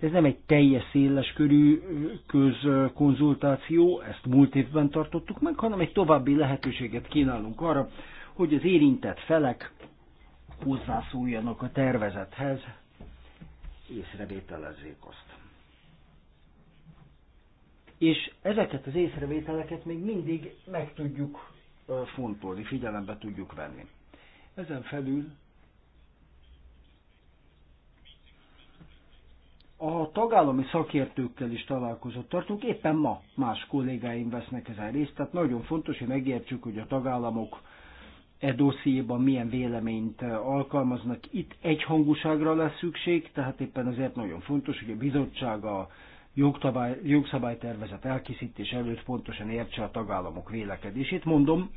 Ez nem egy teljes széleskörű közkonzultáció, ezt múlt évben tartottuk meg, hanem egy további lehetőséget kínálunk arra, hogy az érintett felek hozzászóljanak a tervezethez, észrevételezzék azt. És ezeket az észrevételeket még mindig meg tudjuk fontolni, figyelembe tudjuk venni. Ezen felül a tagállami szakértőkkel is találkozott tartunk, éppen ma más kollégáim vesznek ezen részt, tehát nagyon fontos, hogy megértsük, hogy a tagállamok e dossziéban milyen véleményt eh, alkalmaznak. Itt egyhangúságra lesz szükség, tehát éppen azért nagyon fontos, hogy a bizottság a jogszabálytervezet elkészítés előtt pontosan értse a tagállamok vélekedését. Mondom,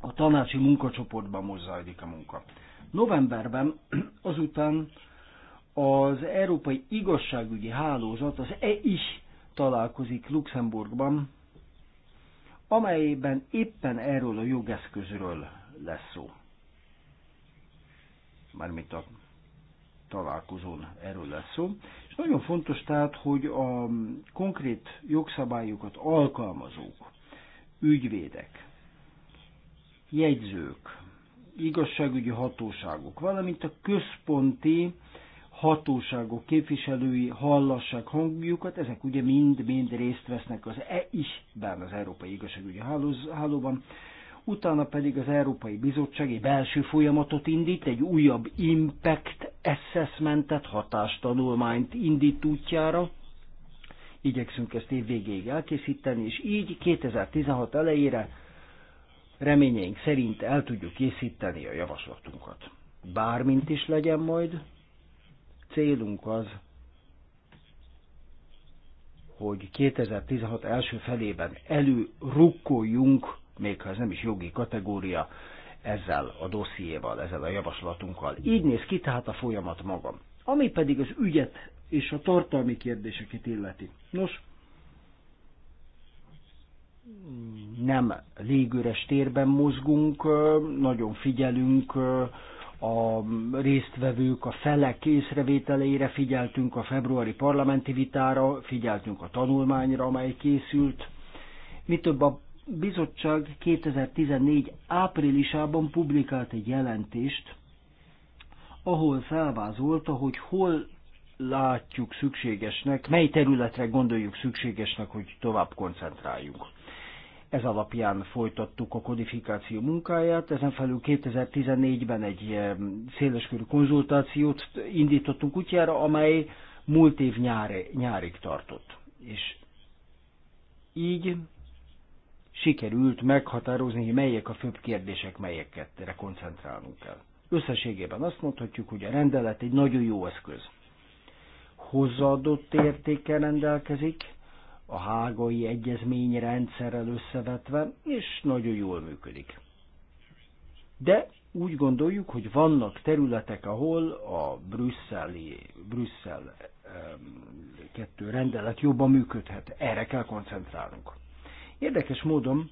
a tanácsi munkacsoportban most zajlik a munka. Novemberben azután az Európai Igazságügyi Hálózat, az EIS találkozik Luxemburgban, amelyben éppen erről a jogeszközről lesz szó. Mármint a találkozón erről lesz szó. És nagyon fontos tehát, hogy a konkrét jogszabályokat alkalmazók, ügyvédek, jegyzők, igazságügyi hatóságok, valamint a központi hatóságok képviselői hallassák hangjukat, ezek ugye mind-mind részt vesznek az e is az Európai Igazságügyi Hálóban, utána pedig az Európai Bizottság egy belső folyamatot indít, egy újabb impact assessmentet, hatástanulmányt indít útjára, igyekszünk ezt év végéig elkészíteni, és így 2016 elejére reményeink szerint el tudjuk készíteni a javaslatunkat. Bármint is legyen majd, célunk az, hogy 2016 első felében előrukkoljunk, még ha ez nem is jogi kategória, ezzel a dossziéval, ezzel a javaslatunkkal. Így néz ki tehát a folyamat magam. Ami pedig az ügyet és a tartalmi kérdéseket illeti. Nos, nem légüres térben mozgunk, nagyon figyelünk a résztvevők, a felek észrevételeire, figyeltünk a februári parlamenti vitára, figyeltünk a tanulmányra, amely készült. Mi több a bizottság 2014 áprilisában publikált egy jelentést, ahol felvázolta, hogy hol látjuk szükségesnek, mely területre gondoljuk szükségesnek, hogy tovább koncentráljunk. Ez alapján folytattuk a kodifikáció munkáját, ezen felül 2014-ben egy eh, széleskörű konzultációt indítottunk útjára, amely múlt év nyári, nyárig tartott. És így sikerült meghatározni, hogy melyek a főbb kérdések, melyekre koncentrálnunk kell. Összességében azt mondhatjuk, hogy a rendelet egy nagyon jó eszköz. Hozzáadott értékkel rendelkezik, a hágai egyezmény rendszerrel összevetve, és nagyon jól működik. De úgy gondoljuk, hogy vannak területek, ahol a brüsszeli, brüsszel kettő rendelet jobban működhet. Erre kell koncentrálnunk. Érdekes módon,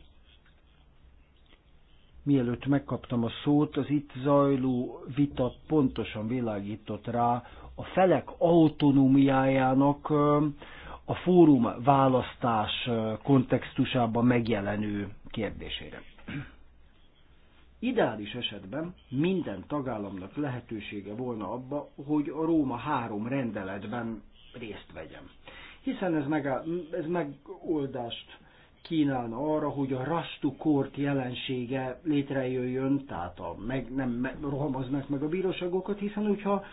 mielőtt megkaptam a szót, az itt zajló vita pontosan világított rá a felek autonómiájának a fórum választás kontextusában megjelenő kérdésére. Ideális esetben minden tagállamnak lehetősége volna abba, hogy a Róma három rendeletben részt vegyen. Hiszen ez, meg, ez megoldást kínálna arra, hogy a kort jelensége létrejöjjön, tehát a meg, nem rohamaznak meg a bíróságokat, hiszen hogyha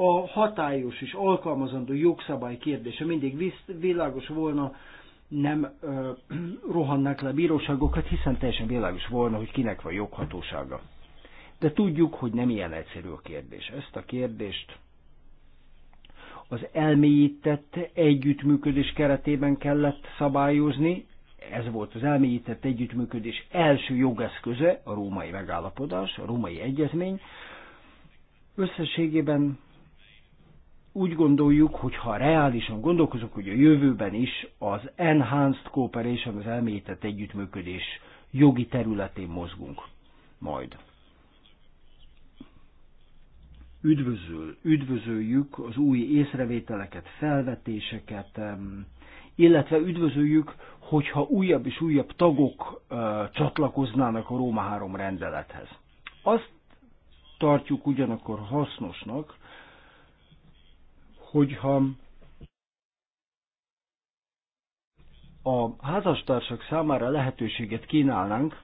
a hatályos és alkalmazandó jogszabály kérdése mindig világos volna, nem ö, rohannák le bíróságokat, hiszen teljesen világos volna, hogy kinek van joghatósága. De tudjuk, hogy nem ilyen egyszerű a kérdés. Ezt a kérdést az elmélyített együttműködés keretében kellett szabályozni, ez volt az elmélyített együttműködés első jogeszköze, a római megállapodás, a római egyezmény. Összességében úgy gondoljuk, hogy ha reálisan gondolkozunk, hogy a jövőben is az Enhanced Cooperation, az elmélyített együttműködés jogi területén mozgunk majd. Üdvözöl, üdvözöljük az új észrevételeket, felvetéseket, illetve üdvözöljük, hogyha újabb és újabb tagok csatlakoznának a Róma 3 rendelethez. Azt tartjuk ugyanakkor hasznosnak, hogyha a házastársak számára lehetőséget kínálnánk,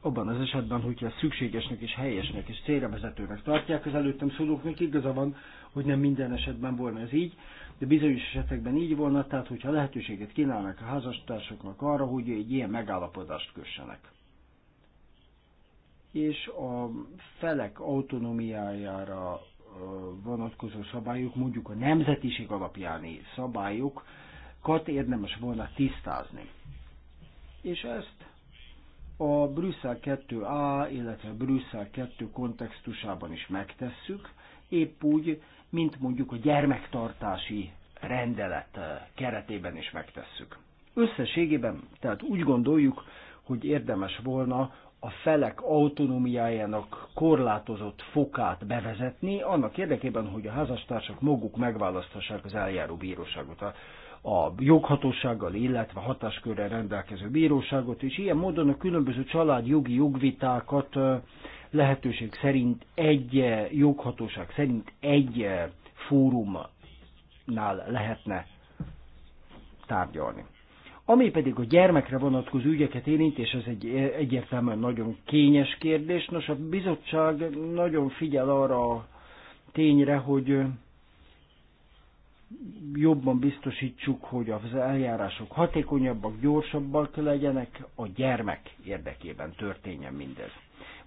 abban az esetben, hogyha szükségesnek és helyesnek és célrevezetőnek tartják, az előttem szólóknak igaza van, hogy nem minden esetben volna ez így, de bizonyos esetekben így volna, tehát hogyha lehetőséget kínálnak a házastársaknak arra, hogy egy ilyen megállapodást kössenek. És a felek autonomiájára vonatkozó szabályok, mondjuk a nemzetiség alapjáni szabályokat érdemes volna tisztázni. És ezt a Brüsszel 2A, illetve Brüsszel 2 kontextusában is megtesszük, épp úgy, mint mondjuk a gyermektartási rendelet eh, keretében is megtesszük. Összességében, tehát úgy gondoljuk, hogy érdemes volna a felek autonómiájának korlátozott fokát bevezetni, annak érdekében, hogy a házastársak maguk megválaszthassák az eljáró bíróságot, a, a joghatósággal, illetve hatáskörrel rendelkező bíróságot, és ilyen módon a különböző jogi jogvitákat lehetőség szerint egy joghatóság szerint egy fórumnál lehetne tárgyalni. Ami pedig a gyermekre vonatkozó ügyeket érint, és ez egy egyértelműen nagyon kényes kérdés, nos a bizottság nagyon figyel arra a tényre, hogy jobban biztosítsuk, hogy az eljárások hatékonyabbak, gyorsabbak legyenek, a gyermek érdekében történjen mindez.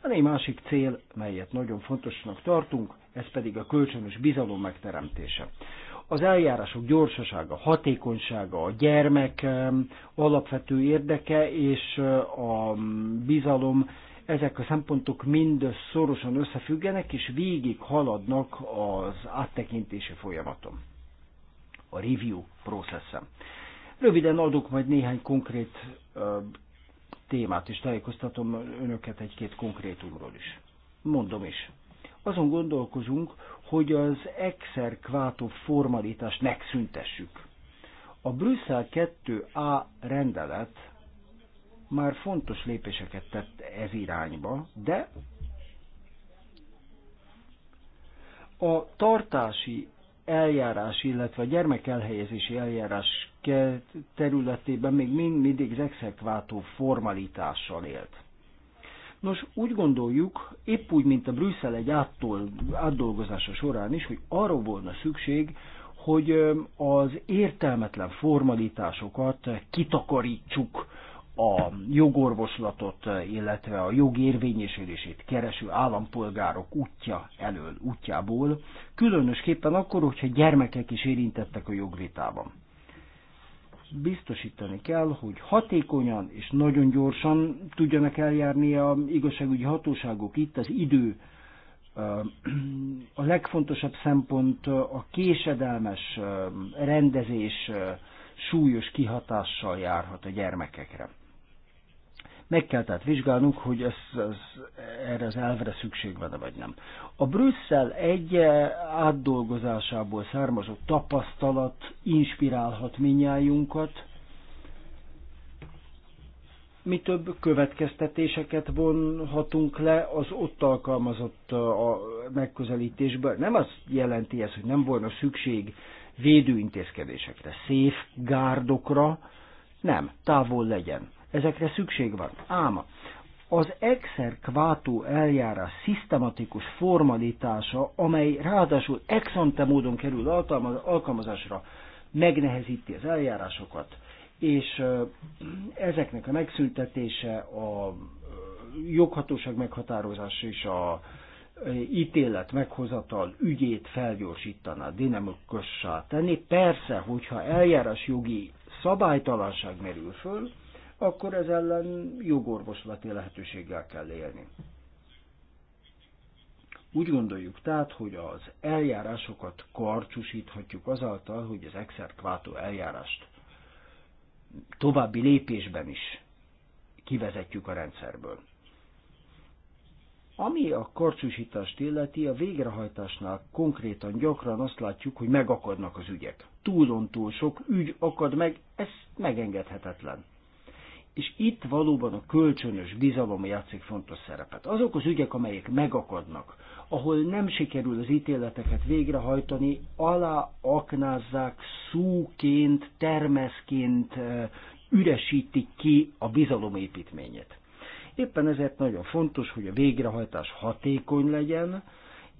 Van egy másik cél, melyet nagyon fontosnak tartunk, ez pedig a kölcsönös bizalom megteremtése az eljárások gyorsasága, hatékonysága, a gyermek alapvető érdeke és a bizalom, ezek a szempontok mind szorosan összefüggenek, és végig haladnak az áttekintési folyamaton, a review processem. Röviden adok majd néhány konkrét témát, és tájékoztatom önöket egy-két konkrétumról is. Mondom is. Azon gondolkozunk, hogy az exer kvátóbb formalitást megszüntessük. A Brüsszel 2A rendelet már fontos lépéseket tett ez irányba, de a tartási eljárás, illetve a gyermekelhelyezési eljárás területében még mindig az exekvátó formalitással élt. Nos, úgy gondoljuk, épp úgy, mint a Brüsszel egy áttol, átdolgozása során is, hogy arra volna szükség, hogy az értelmetlen formalitásokat kitakarítsuk a jogorvoslatot, illetve a jog érvényesülését kereső állampolgárok útja elől, útjából, különösképpen akkor, hogyha gyermekek is érintettek a jogvitában biztosítani kell, hogy hatékonyan és nagyon gyorsan tudjanak eljárni a igazságügyi hatóságok. Itt az idő a legfontosabb szempont a késedelmes rendezés súlyos kihatással járhat a gyermekekre. Meg kell tehát vizsgálnunk, hogy ez, ez, erre az elvre szükség van-e vagy nem. A Brüsszel egy eh, átdolgozásából származó tapasztalat inspirálhat minnyájunkat, mi több következtetéseket vonhatunk le az ott alkalmazott eh, a megközelítésből. Nem azt jelenti ez, hogy nem volna szükség védőintézkedésekre, gárdokra, nem, távol legyen. Ezekre szükség van. Ám az exer quato eljárás szisztematikus formalitása, amely ráadásul exante módon kerül alkalmazásra, megnehezíti az eljárásokat, és ezeknek a megszüntetése a joghatóság meghatározása és a ítélet meghozatal ügyét felgyorsítaná, dinamikussá tenni. Persze, hogyha eljárás jogi szabálytalanság merül föl, akkor ez ellen jogorvoslati lehetőséggel kell élni. Úgy gondoljuk tehát, hogy az eljárásokat karcsúsíthatjuk azáltal, hogy az exerkvátó eljárást további lépésben is kivezetjük a rendszerből. Ami a karcsúsítást illeti, a végrehajtásnál konkrétan gyakran azt látjuk, hogy megakadnak az ügyek. Túlontúl sok ügy akad meg, ez megengedhetetlen és itt valóban a kölcsönös bizalom játszik fontos szerepet. Azok az ügyek, amelyek megakadnak, ahol nem sikerül az ítéleteket végrehajtani, aláaknázzák szóként, termeszként, üresítik ki a bizalom építményét. Éppen ezért nagyon fontos, hogy a végrehajtás hatékony legyen,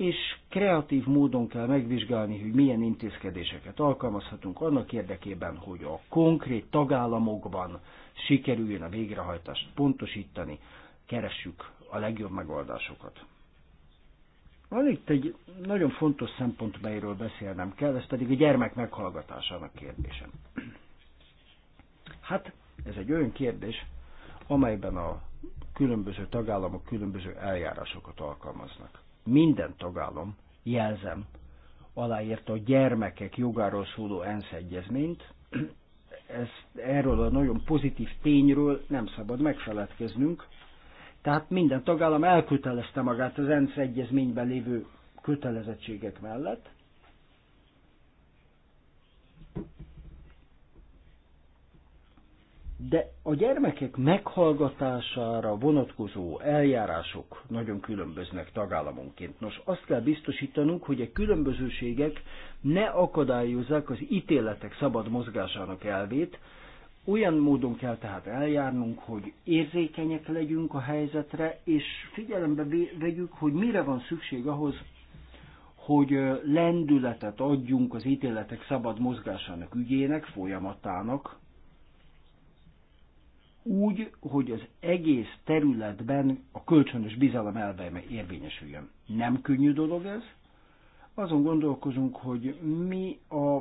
és kreatív módon kell megvizsgálni, hogy milyen intézkedéseket alkalmazhatunk annak érdekében, hogy a konkrét tagállamokban sikerüljön a végrehajtást pontosítani, keressük a legjobb megoldásokat. Van itt egy nagyon fontos szempont, melyről beszélnem kell, ez pedig a gyermek meghallgatásának kérdése. Hát, ez egy olyan kérdés, amelyben a különböző tagállamok különböző eljárásokat alkalmaznak minden tagállam, jelzem, aláírta a gyermekek jogáról szóló ENSZ egyezményt. Ez, erről a nagyon pozitív tényről nem szabad megfeledkeznünk. Tehát minden tagállam elkötelezte magát az ENSZ egyezményben lévő kötelezettségek mellett, de a gyermekek meghallgatására vonatkozó eljárások nagyon különböznek tagállamonként. Nos, azt kell biztosítanunk, hogy a különbözőségek ne akadályozzák az ítéletek szabad mozgásának elvét, olyan módon kell tehát eljárnunk, hogy érzékenyek legyünk a helyzetre, és figyelembe vegyük, hogy mire van szükség ahhoz, hogy lendületet adjunk az ítéletek szabad mozgásának ügyének, folyamatának, úgy, hogy az egész területben a kölcsönös bizalom elve érvényesüljön. Nem könnyű dolog ez. Azon gondolkozunk, hogy mi a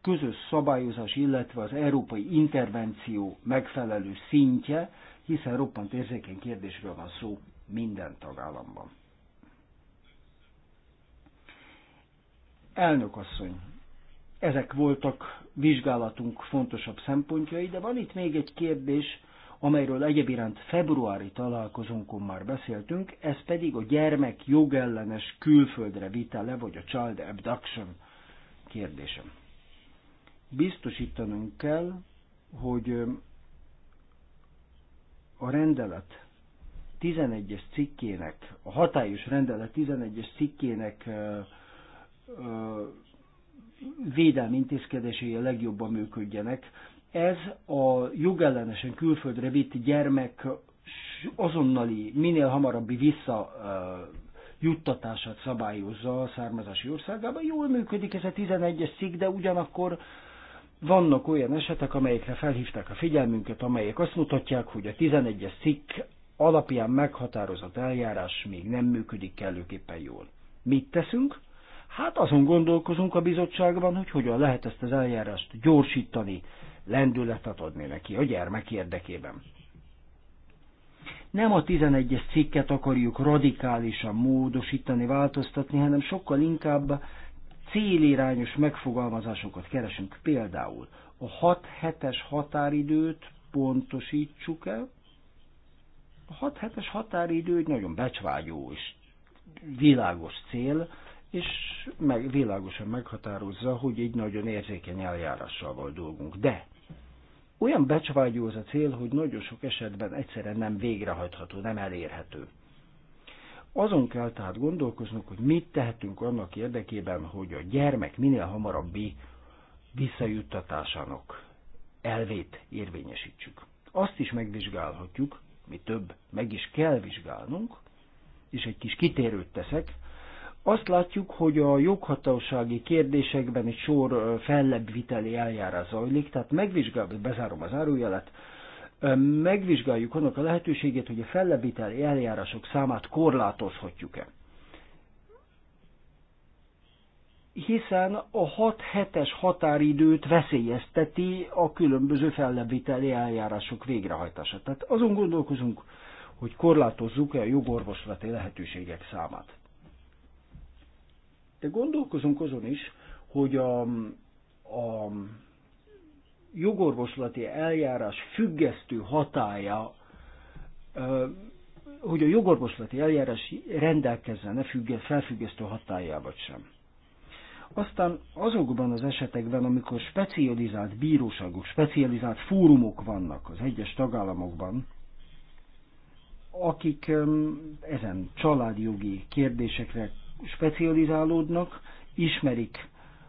közös szabályozás, illetve az európai intervenció megfelelő szintje, hiszen roppant érzékeny kérdésről van szó minden tagállamban. Elnök asszony, ezek voltak vizsgálatunk fontosabb szempontjai, de van itt még egy kérdés, amelyről egyebiránt februári találkozónkon már beszéltünk, ez pedig a gyermek jogellenes külföldre vitele, vagy a child abduction kérdésem. Biztosítanunk kell, hogy a rendelet 11-es cikkének, a hatályos rendelet 11-es cikkének védelmi intézkedései a legjobban működjenek. Ez a jogellenesen külföldre vitt gyermek azonnali, minél hamarabbi vissza juttatását szabályozza a származási országában. Jól működik ez a 11-es cikk, de ugyanakkor vannak olyan esetek, amelyekre felhívták a figyelmünket, amelyek azt mutatják, hogy a 11-es cikk alapján meghatározott eljárás még nem működik kellőképpen jól. Mit teszünk? Hát azon gondolkozunk a bizottságban, hogy hogyan lehet ezt az eljárást gyorsítani, lendületet adni neki a gyermek érdekében. Nem a 11-es cikket akarjuk radikálisan módosítani, változtatni, hanem sokkal inkább célirányos megfogalmazásokat keresünk. Például a 6 hetes határidőt pontosítsuk el. A 6 hetes határidő egy nagyon becsvágyó és világos cél, és meg, világosan meghatározza, hogy egy nagyon érzékeny eljárással van dolgunk. De olyan becsvágyó az a cél, hogy nagyon sok esetben egyszerűen nem végrehajtható, nem elérhető. Azon kell tehát gondolkoznunk, hogy mit tehetünk annak érdekében, hogy a gyermek minél hamarabbi visszajuttatásának elvét érvényesítsük. Azt is megvizsgálhatjuk, mi több, meg is kell vizsgálnunk, és egy kis kitérőt teszek, azt látjuk, hogy a joghatósági kérdésekben egy sor fellebbviteli eljárás zajlik, tehát megvizsgáljuk, bezárom az árujelet, megvizsgáljuk annak a lehetőségét, hogy a fellebbviteli eljárások számát korlátozhatjuk-e. hiszen a 6 es határidőt veszélyezteti a különböző fellebbviteli eljárások végrehajtása. Tehát azon gondolkozunk, hogy korlátozzuk-e a jogorvoslati lehetőségek számát. De gondolkozunk azon is, hogy a, a jogorvoslati eljárás függesztő hatája, hogy a jogorvoslati eljárás rendelkezzen-e felfüggesztő hatája vagy sem. Aztán azokban az esetekben, amikor specializált bíróságok, specializált fórumok vannak az egyes tagállamokban, akik ezen családjogi kérdésekre specializálódnak, ismerik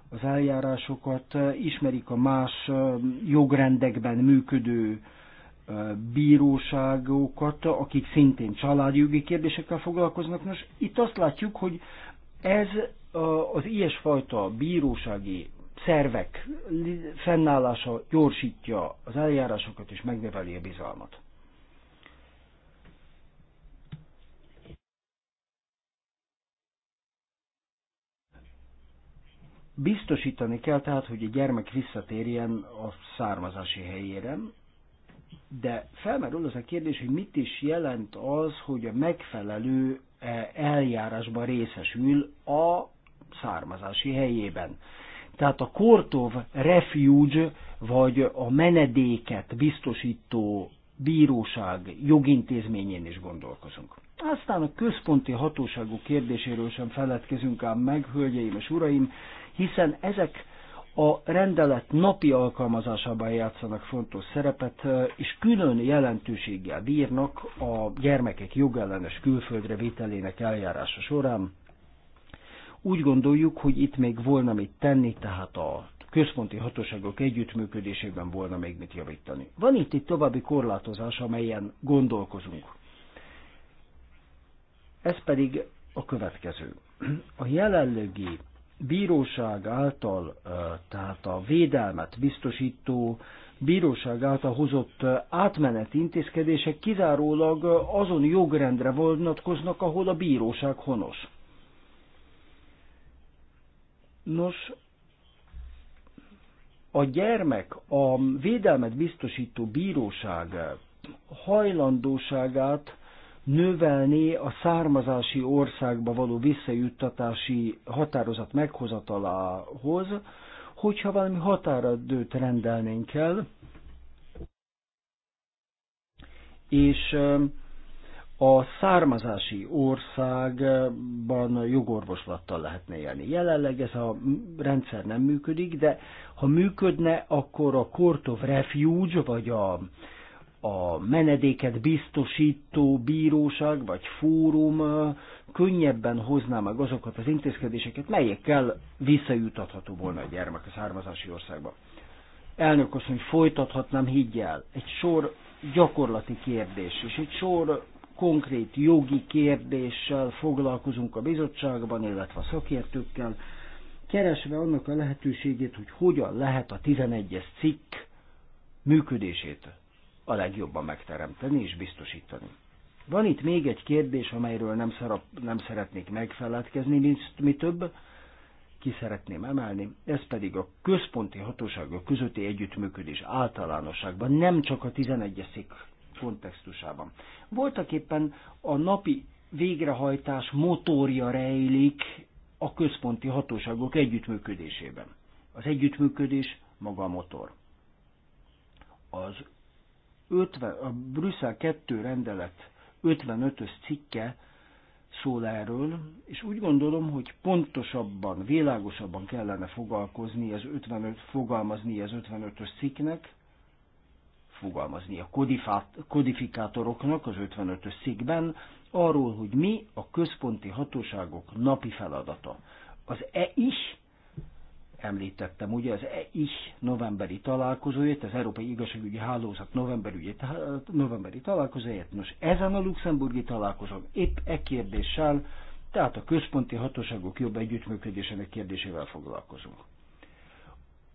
az eljárásokat, ismerik a más jogrendekben működő bíróságokat, akik szintén családjogi kérdésekkel foglalkoznak. Nos, itt azt látjuk, hogy ez az ilyesfajta bírósági szervek fennállása gyorsítja az eljárásokat és megneveli a bizalmat. Biztosítani kell tehát, hogy a gyermek visszatérjen a származási helyére, de felmerül az a kérdés, hogy mit is jelent az, hogy a megfelelő e, eljárásban részesül a származási helyében. Tehát a Kortov Refuge, vagy a menedéket biztosító bíróság jogintézményén is gondolkozunk. Aztán a központi hatóságú kérdéséről sem feledkezünk ám meg, hölgyeim és uraim, hiszen ezek a rendelet napi alkalmazásában játszanak fontos szerepet, és külön jelentőséggel bírnak a gyermekek jogellenes külföldre vételének eljárása során. Úgy gondoljuk, hogy itt még volna mit tenni, tehát a központi hatóságok együttműködésében volna még mit javítani. Van itt egy további korlátozás, amelyen gondolkozunk. Ez pedig a következő. A jelenlegi bíróság által, tehát a védelmet biztosító bíróság által hozott átmeneti intézkedések kizárólag azon jogrendre vonatkoznak, ahol a bíróság honos. Nos, a gyermek a védelmet biztosító bíróság hajlandóságát növelné a származási országba való visszajuttatási határozat meghozatalához, hogyha valami határadőt rendelnénk el, és a származási országban jogorvoslattal lehetne élni. Jelenleg ez a rendszer nem működik, de ha működne, akkor a Court of Refuge, vagy a a menedéket biztosító bíróság vagy fórum könnyebben hozná meg azokat az intézkedéseket, melyekkel visszajutatható volna a gyermek a származási országba. Elnök azt mondja, folytathatnám, higgyel. Egy sor gyakorlati kérdés, és egy sor konkrét jogi kérdéssel foglalkozunk a bizottságban, illetve a szakértőkkel, keresve annak a lehetőségét, hogy hogyan lehet a 11-es cikk működését a legjobban megteremteni és biztosítani. Van itt még egy kérdés, amelyről nem, szarap, nem szeretnék megfeledkezni, mi több, ki szeretném emelni, ez pedig a központi hatóságok közötti együttműködés általánosságban, nem csak a 11-es kontextusában. Voltak éppen a napi végrehajtás motorja rejlik a központi hatóságok együttműködésében. Az együttműködés maga a motor. Az 50, a Brüsszel 2 rendelet 55-ös cikke szól erről, és úgy gondolom, hogy pontosabban, világosabban kellene fogalkozni az 55, fogalmazni az 55-ös cikknek, fogalmazni a kodifikátoroknak az 55-ös cikkben, arról, hogy mi a központi hatóságok napi feladata. Az e is említettem, ugye az EIH novemberi találkozóját, az Európai Igazságügyi Hálózat novemberi, novemberi találkozóját, most ezen a luxemburgi találkozón épp e kérdéssel, tehát a központi hatóságok jobb együttműködésének kérdésével foglalkozunk.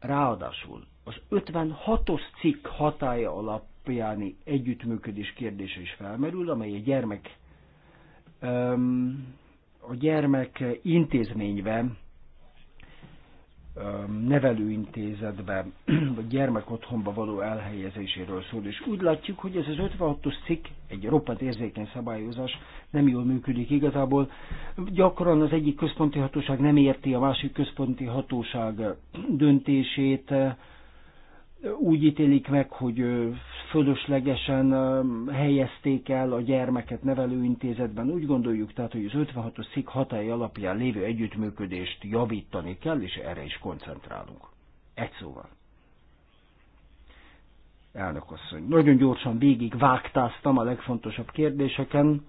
Ráadásul az 56-os cikk hatája alapjáni együttműködés kérdése is felmerül, amely a gyermek, a gyermek intézményben Um, nevelőintézetbe vagy gyermekotthonba való elhelyezéséről szól, és úgy látjuk, hogy ez az 56-os cikk, egy roppant érzékeny szabályozás nem jól működik igazából. Gyakran az egyik központi hatóság nem érti a másik központi hatóság döntését, úgy ítélik meg, hogy fölöslegesen helyezték el a gyermeket nevelőintézetben. Úgy gondoljuk tehát, hogy az 56-os szik hatály alapján lévő együttműködést javítani kell, és erre is koncentrálunk. Egy szóval. Elnök asszony, nagyon gyorsan végig vágtáztam a legfontosabb kérdéseken.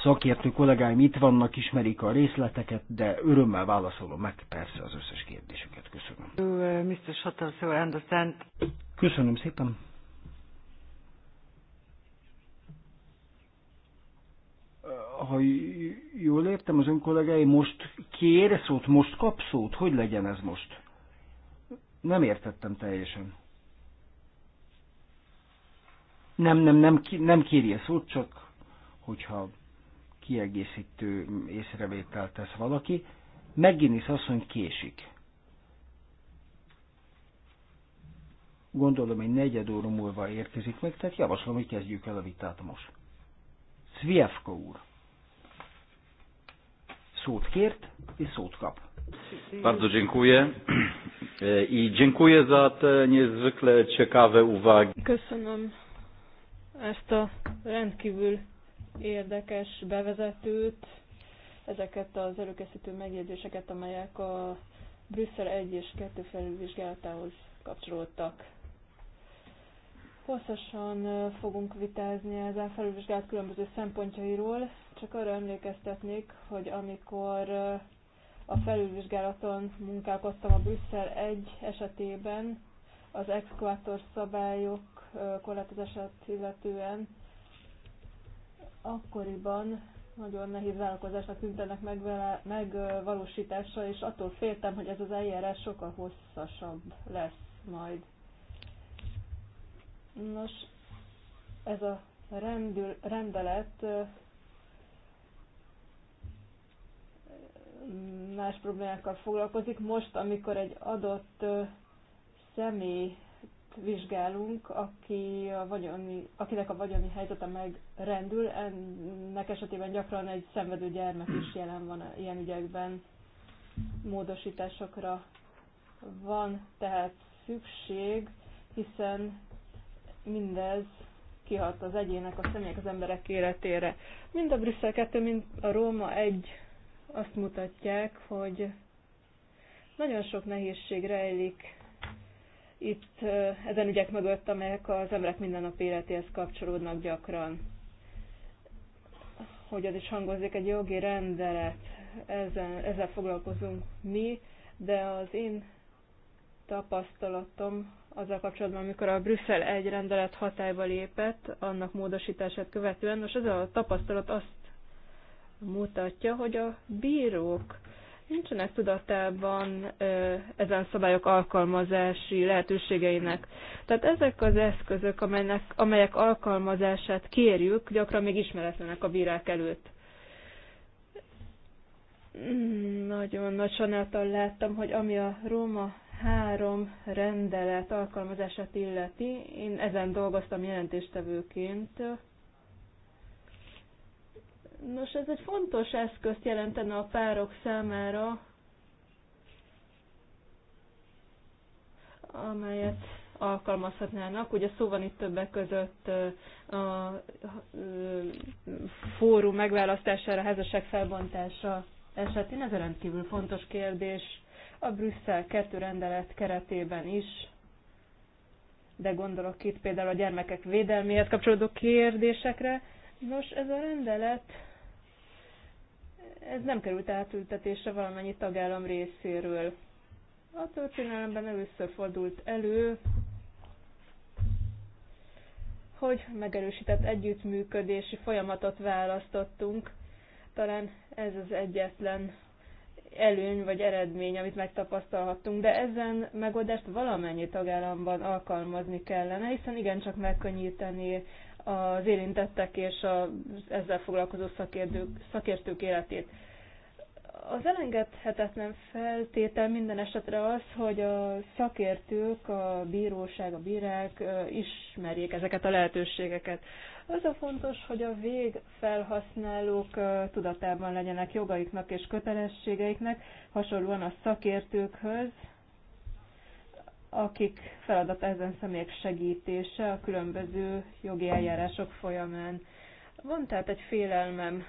Szakértő kollégáim itt vannak, ismerik a részleteket, de örömmel válaszolom meg persze az összes kérdésüket. Köszönöm. Eh, Mr. Köszönöm szépen. Eh, ha jól értem, az ön kollégái most kér szót, most kap szót? Hogy legyen ez most? Nem értettem teljesen. Nem, nem, nem, nem kérje szót, csak hogyha kiegészítő észrevétel tesz valaki, McGinnis asszony késik. Gondolom, egy negyed óra múlva érkezik meg, tehát javaslom, hogy kezdjük el a vitát most. Szvievka úr. Szót kért, és szót kap. Bardzo dziękuję. I dziękuję za te niezwykle ciekawe uwagi. Köszönöm ezt a rendkívül érdekes bevezetőt, ezeket az előkészítő megjegyzéseket, amelyek a Brüsszel 1 és 2 felülvizsgálatához kapcsolódtak. Hosszasan fogunk vitázni a felülvizsgálat különböző szempontjairól, csak arra emlékeztetnék, hogy amikor a felülvizsgálaton munkálkodtam a Brüsszel 1 esetében, az exkvátor szabályok korlátozását illetően akkoriban nagyon nehéz vállalkozásnak tüntenek meg vele, megvalósítása, és attól féltem, hogy ez az eljárás sokkal hosszasabb lesz majd. Nos, ez a rendül, rendelet más problémákkal foglalkozik. Most, amikor egy adott személy vizsgálunk, aki a vagyoni, akinek a vagyoni helyzete megrendül, ennek esetében gyakran egy szenvedő gyermek is jelen van ilyen ügyekben módosításokra van tehát szükség, hiszen mindez kihat az egyének, a személyek, az emberek életére. Mind a Brüsszel 2, mind a Róma 1 azt mutatják, hogy nagyon sok nehézség rejlik itt ezen ügyek mögött, amelyek az emberek mindennap életéhez kapcsolódnak gyakran. Hogy az is hangozik, egy jogi rendelet, ezzel, ezzel foglalkozunk mi, de az én tapasztalatom azzal kapcsolatban, amikor a Brüsszel egy rendelet hatályba lépett, annak módosítását követően, most ez a tapasztalat azt mutatja, hogy a bírók nincsenek tudatában ezen szabályok alkalmazási lehetőségeinek. Tehát ezek az eszközök, amelynek, amelyek alkalmazását kérjük, gyakran még ismeretlenek a bírák előtt. Nagyon nagy sanáltal láttam, hogy ami a Róma három rendelet alkalmazását illeti, én ezen dolgoztam jelentéstevőként, Nos, ez egy fontos eszközt jelentene a párok számára, amelyet alkalmazhatnának. Ugye szó van itt többek között a fórum megválasztására, házasság felbontása esetén. Ez rendkívül fontos kérdés a Brüsszel kettő rendelet keretében is de gondolok itt például a gyermekek védelméhez kapcsolódó kérdésekre. Nos, ez a rendelet ez nem került átültetésre valamennyi tagállam részéről. A történelemben először fordult elő, hogy megerősített együttműködési folyamatot választottunk. Talán ez az egyetlen előny vagy eredmény, amit megtapasztalhattunk, de ezen megoldást valamennyi tagállamban alkalmazni kellene, hiszen igencsak megkönnyíteni az érintettek és az ezzel foglalkozó szakértők, szakértők életét. Az elengedhetetlen feltétel minden esetre az, hogy a szakértők, a bíróság, a bírák ismerjék ezeket a lehetőségeket. Az a fontos, hogy a végfelhasználók tudatában legyenek jogaiknak és kötelességeiknek, hasonlóan a szakértőkhöz, akik feladat ezen személyek segítése a különböző jogi eljárások folyamán. Van tehát egy félelmem.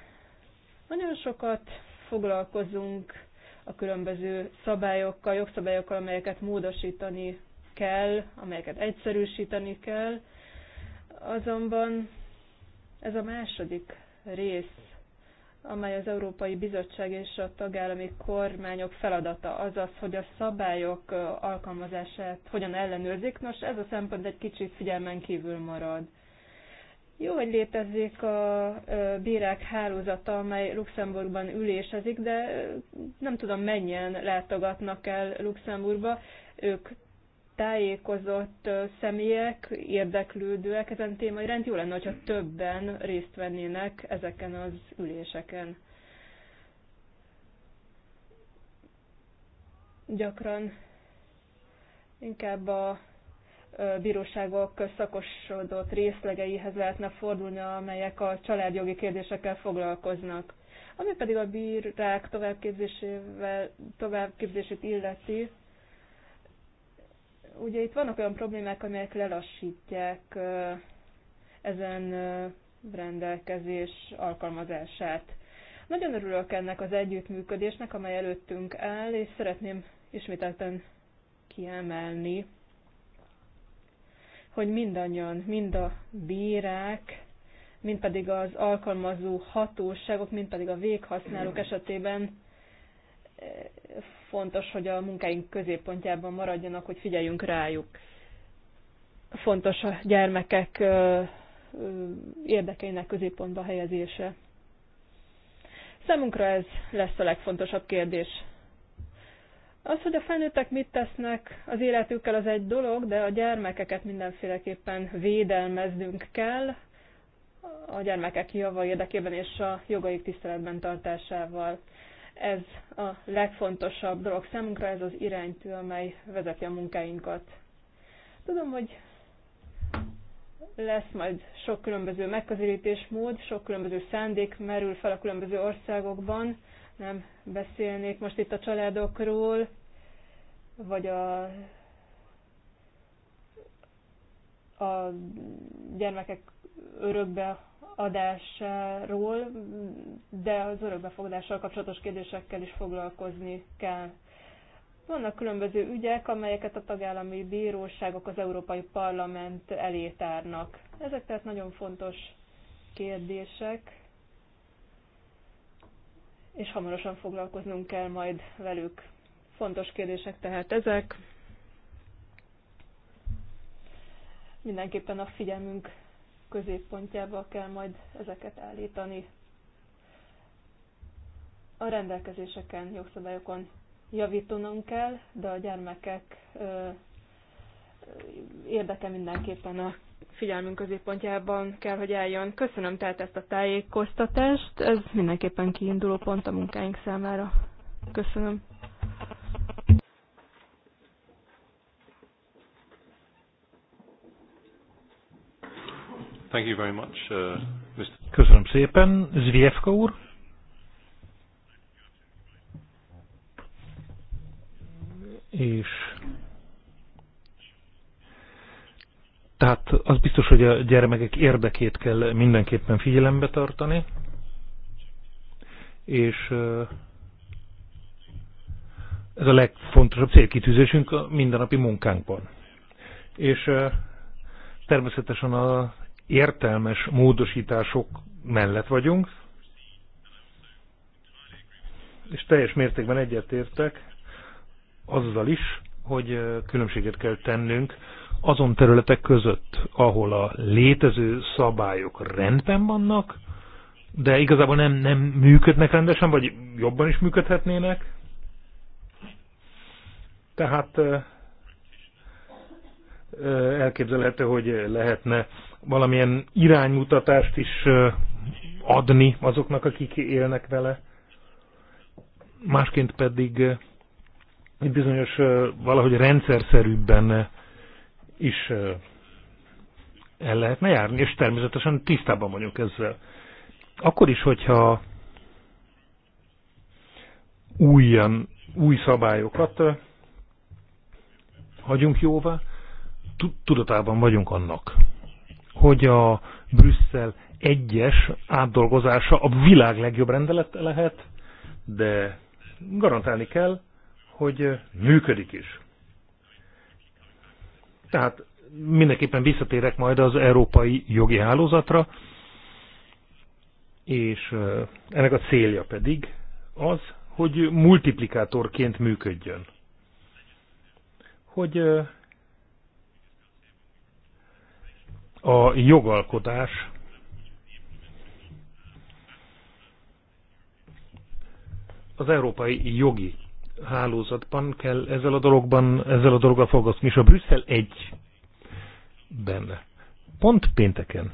Nagyon sokat foglalkozunk a különböző szabályokkal, jogszabályokkal, amelyeket módosítani kell, amelyeket egyszerűsíteni kell. Azonban ez a második rész amely az Európai Bizottság és a tagállami kormányok feladata, azaz, hogy a szabályok alkalmazását hogyan ellenőrzik. Nos, ez a szempont egy kicsit figyelmen kívül marad. Jó, hogy létezik a bírák hálózata, amely Luxemburgban ülésezik, de nem tudom mennyien látogatnak el Luxemburgba. Ők tájékozott személyek, érdeklődőek ezen téma iránt. Jó lenne, hogyha többen részt vennének ezeken az üléseken. Gyakran inkább a bíróságok szakosodott részlegeihez lehetne fordulni, amelyek a családjogi kérdésekkel foglalkoznak. Ami pedig a bírák továbbképzésével, továbbképzését illeti, Ugye itt vannak olyan problémák, amelyek lelassítják ezen rendelkezés alkalmazását. Nagyon örülök ennek az együttműködésnek, amely előttünk áll, és szeretném ismételten kiemelni, hogy mindannyian, mind a bírák, mind pedig az alkalmazó hatóságok, mind pedig a véghasználók esetében fontos, hogy a munkáink középpontjában maradjanak, hogy figyeljünk rájuk. Fontos a gyermekek érdekeinek középpontba helyezése. Számunkra ez lesz a legfontosabb kérdés. Az, hogy a felnőttek mit tesznek az életükkel, az egy dolog, de a gyermekeket mindenféleképpen védelmeznünk kell, a gyermekek java érdekében és a jogaik tiszteletben tartásával. Ez a legfontosabb dolog számunkra, ez az iránytű, amely vezeti a munkáinkat. Tudom, hogy lesz majd sok különböző megközelítésmód, sok különböző szándék merül fel a különböző országokban. Nem beszélnék most itt a családokról, vagy a, a gyermekek örökbe adásáról, de az örökbefogadással kapcsolatos kérdésekkel is foglalkozni kell. Vannak különböző ügyek, amelyeket a tagállami bíróságok az Európai Parlament elé tárnak. Ezek tehát nagyon fontos kérdések, és hamarosan foglalkoznunk kell majd velük. Fontos kérdések tehát ezek. Mindenképpen a figyelmünk középpontjába kell majd ezeket állítani. A rendelkezéseken, jogszabályokon javítanunk kell, de a gyermekek érdeke mindenképpen a figyelmünk középpontjában kell, hogy eljön. Köszönöm tehát ezt a tájékoztatást, ez mindenképpen kiinduló pont a munkáink számára. Köszönöm. Thank you very much, uh, Mr. Köszönöm szépen. Zvievka úr. És tehát az biztos, hogy a gyermekek érdekét kell mindenképpen figyelembe tartani, és ez a legfontosabb célkitűzésünk a mindennapi munkánkban. És természetesen a értelmes módosítások mellett vagyunk, és teljes mértékben egyetértek azzal is, hogy különbséget kell tennünk azon területek között, ahol a létező szabályok rendben vannak, de igazából nem, nem működnek rendesen, vagy jobban is működhetnének. Tehát elképzelhető, hogy lehetne valamilyen iránymutatást is adni azoknak, akik élnek vele. Másként pedig bizonyos valahogy rendszerszerűbben is el lehetne járni, és természetesen tisztában vagyunk ezzel. Akkor is, hogyha újjan, új szabályokat hagyunk jóvá, tudatában vagyunk annak, hogy a Brüsszel egyes átdolgozása a világ legjobb rendelet lehet, de garantálni kell, hogy működik is. Tehát mindenképpen visszatérek majd az európai jogi hálózatra, és ennek a célja pedig az, hogy multiplikátorként működjön. Hogy a jogalkotás az európai jogi hálózatban kell ezzel a dologban, ezzel a dologgal foglalkozni, és a Brüsszel egy benne. Pont pénteken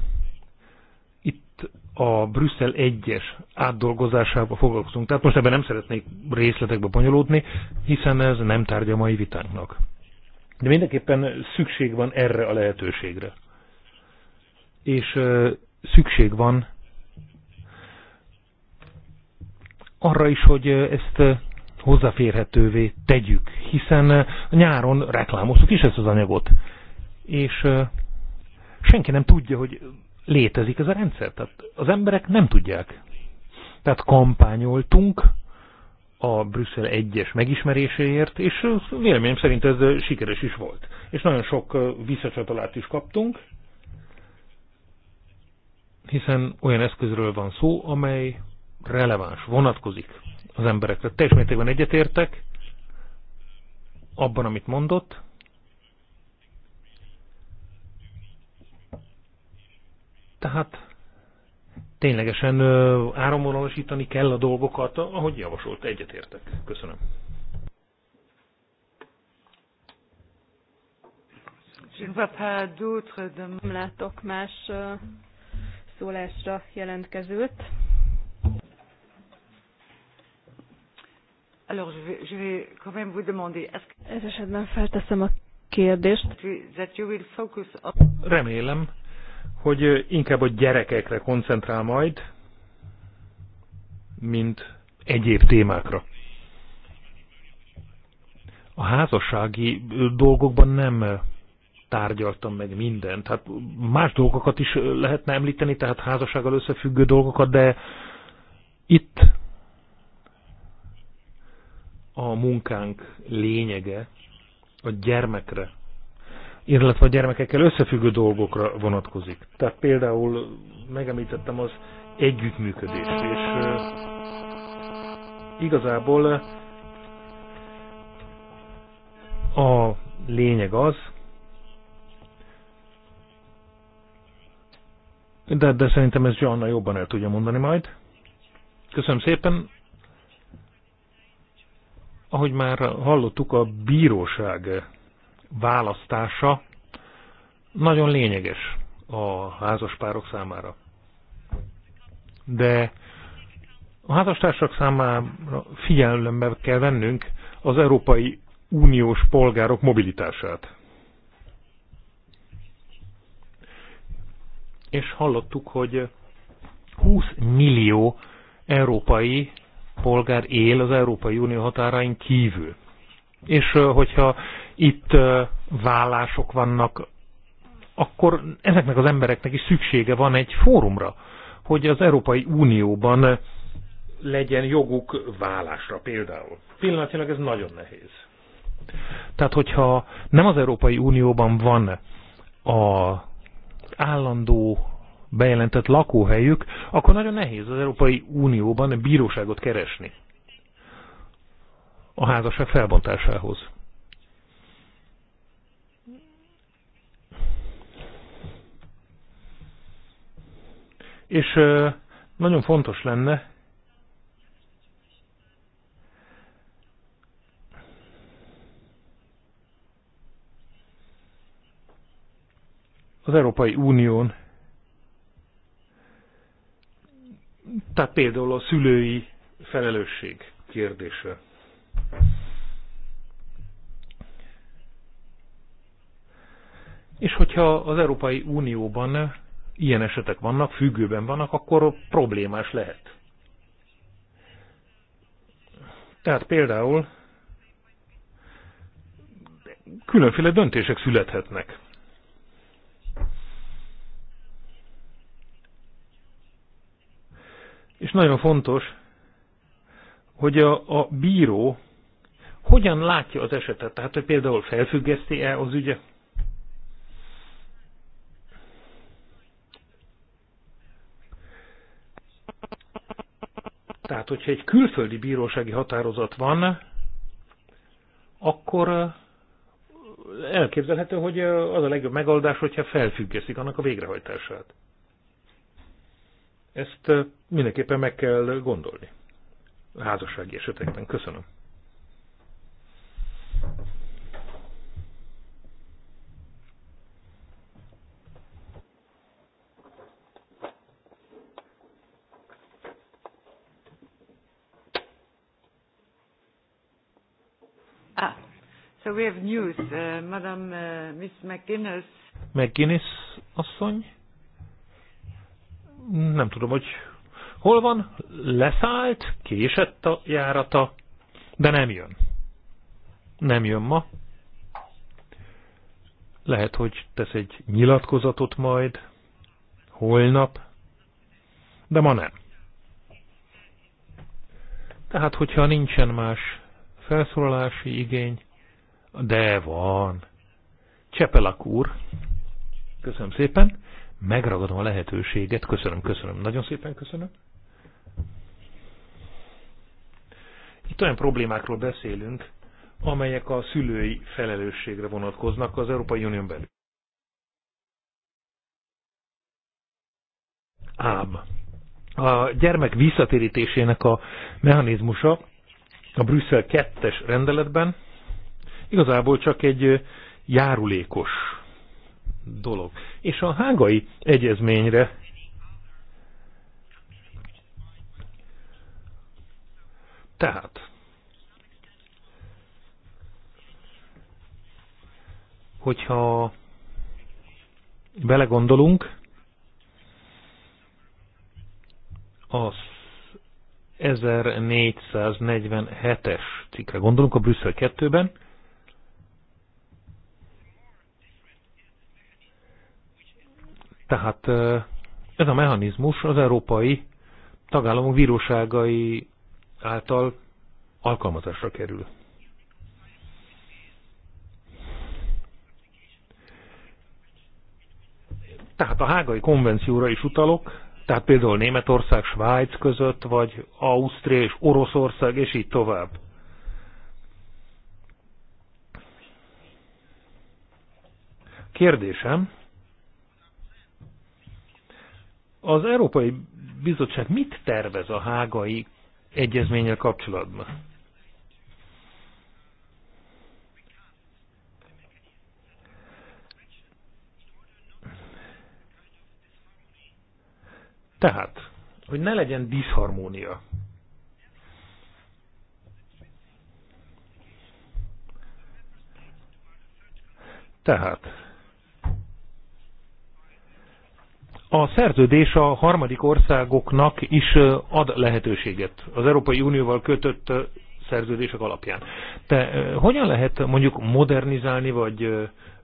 itt a Brüsszel egyes átdolgozásába foglalkozunk. Tehát most ebben nem szeretnék részletekbe bonyolódni, hiszen ez nem tárgya mai vitánknak. De mindenképpen szükség van erre a lehetőségre és szükség van arra is, hogy ezt hozzáférhetővé tegyük, hiszen nyáron reklámoztuk is ezt az anyagot, és senki nem tudja, hogy létezik ez a rendszer, tehát az emberek nem tudják. Tehát kampányoltunk a Brüsszel egyes megismeréséért, és véleményem szerint ez sikeres is volt. És nagyon sok visszacsatolást is kaptunk, hiszen olyan eszközről van szó, amely releváns, vonatkozik az emberekre. Teljes mértékben egyetértek abban, amit mondott. Tehát ténylegesen áramvonalasítani kell a dolgokat, ahogy javasolt. Egyetértek. Köszönöm. Je ne vois pas d'autres. Nem látok más hozzászólásra jelentkezőt. Alors, je vais, je vais quand même vous demander, est-ce que... Ez esetben felteszem a kérdést. That you will focus on... Remélem, hogy inkább a gyerekekre koncentrál majd, mint egyéb témákra. A házassági dolgokban nem tárgyaltam meg mindent. Hát más dolgokat is lehetne említeni, tehát házassággal összefüggő dolgokat, de itt a munkánk lényege a gyermekre, illetve a gyermekekkel összefüggő dolgokra vonatkozik. Tehát például megemlítettem az együttműködést, és igazából a lényeg az, De, de szerintem ez Joanna jobban el tudja mondani majd. Köszönöm szépen. Ahogy már hallottuk, a bíróság választása nagyon lényeges a házaspárok számára. De a házastársak számára figyelembe kell vennünk az Európai Uniós polgárok mobilitását. és hallottuk, hogy 20 millió európai polgár él az Európai Unió határain kívül. És hogyha itt vállások vannak, akkor ezeknek az embereknek is szüksége van egy fórumra, hogy az Európai Unióban legyen joguk vállásra például. Pillanatilag ez nagyon nehéz. Tehát, hogyha nem az Európai Unióban van a állandó bejelentett lakóhelyük, akkor nagyon nehéz az Európai Unióban bíróságot keresni a házasság felbontásához. És nagyon fontos lenne az Európai Unión, tehát például a szülői felelősség kérdése. És hogyha az Európai Unióban ilyen esetek vannak, függőben vannak, akkor problémás lehet. Tehát például különféle döntések születhetnek. És nagyon fontos, hogy a, a bíró hogyan látja az esetet. Tehát, hogy például felfüggeszti-e az ügyet, Tehát, hogyha egy külföldi bírósági határozat van, akkor eh, elképzelhető, hogy eh, az a legjobb megoldás, hogyha felfüggeszik annak a végrehajtását. Ezt mindenképpen meg kell gondolni. A házassági esetekben. Köszönöm. Ah, so we have news. Uh, Madam uh, Miss McGuinness. McGuinness asszony nem tudom, hogy hol van, leszállt, késett a járata, de nem jön. Nem jön ma. Lehet, hogy tesz egy nyilatkozatot majd, holnap, de ma nem. Tehát, hogyha nincsen más felszólalási igény, de van. Csepelak úr, köszönöm szépen megragadom a lehetőséget. Köszönöm, köszönöm. Nagyon szépen köszönöm. Itt olyan problémákról beszélünk, amelyek a szülői felelősségre vonatkoznak az Európai Unión belül. Ám a gyermek visszatérítésének a mechanizmusa a Brüsszel 2-es rendeletben igazából csak egy járulékos dolog. És a hágai egyezményre tehát hogyha belegondolunk, az 1447-es cikkre gondolunk a Brüsszel 2-ben, Tehát ez a mechanizmus az európai tagállamok bíróságai által alkalmazásra kerül. Tehát a hágai konvencióra is utalok, tehát például Németország, Svájc között, vagy Ausztria és Oroszország, és így tovább. Kérdésem, az Európai Bizottság mit tervez a hágai egyezménnyel kapcsolatban? Tehát, hogy ne legyen diszharmónia. Tehát, A szerződés a harmadik országoknak is ad lehetőséget az Európai Unióval kötött szerződések alapján. Te hogyan lehet mondjuk modernizálni vagy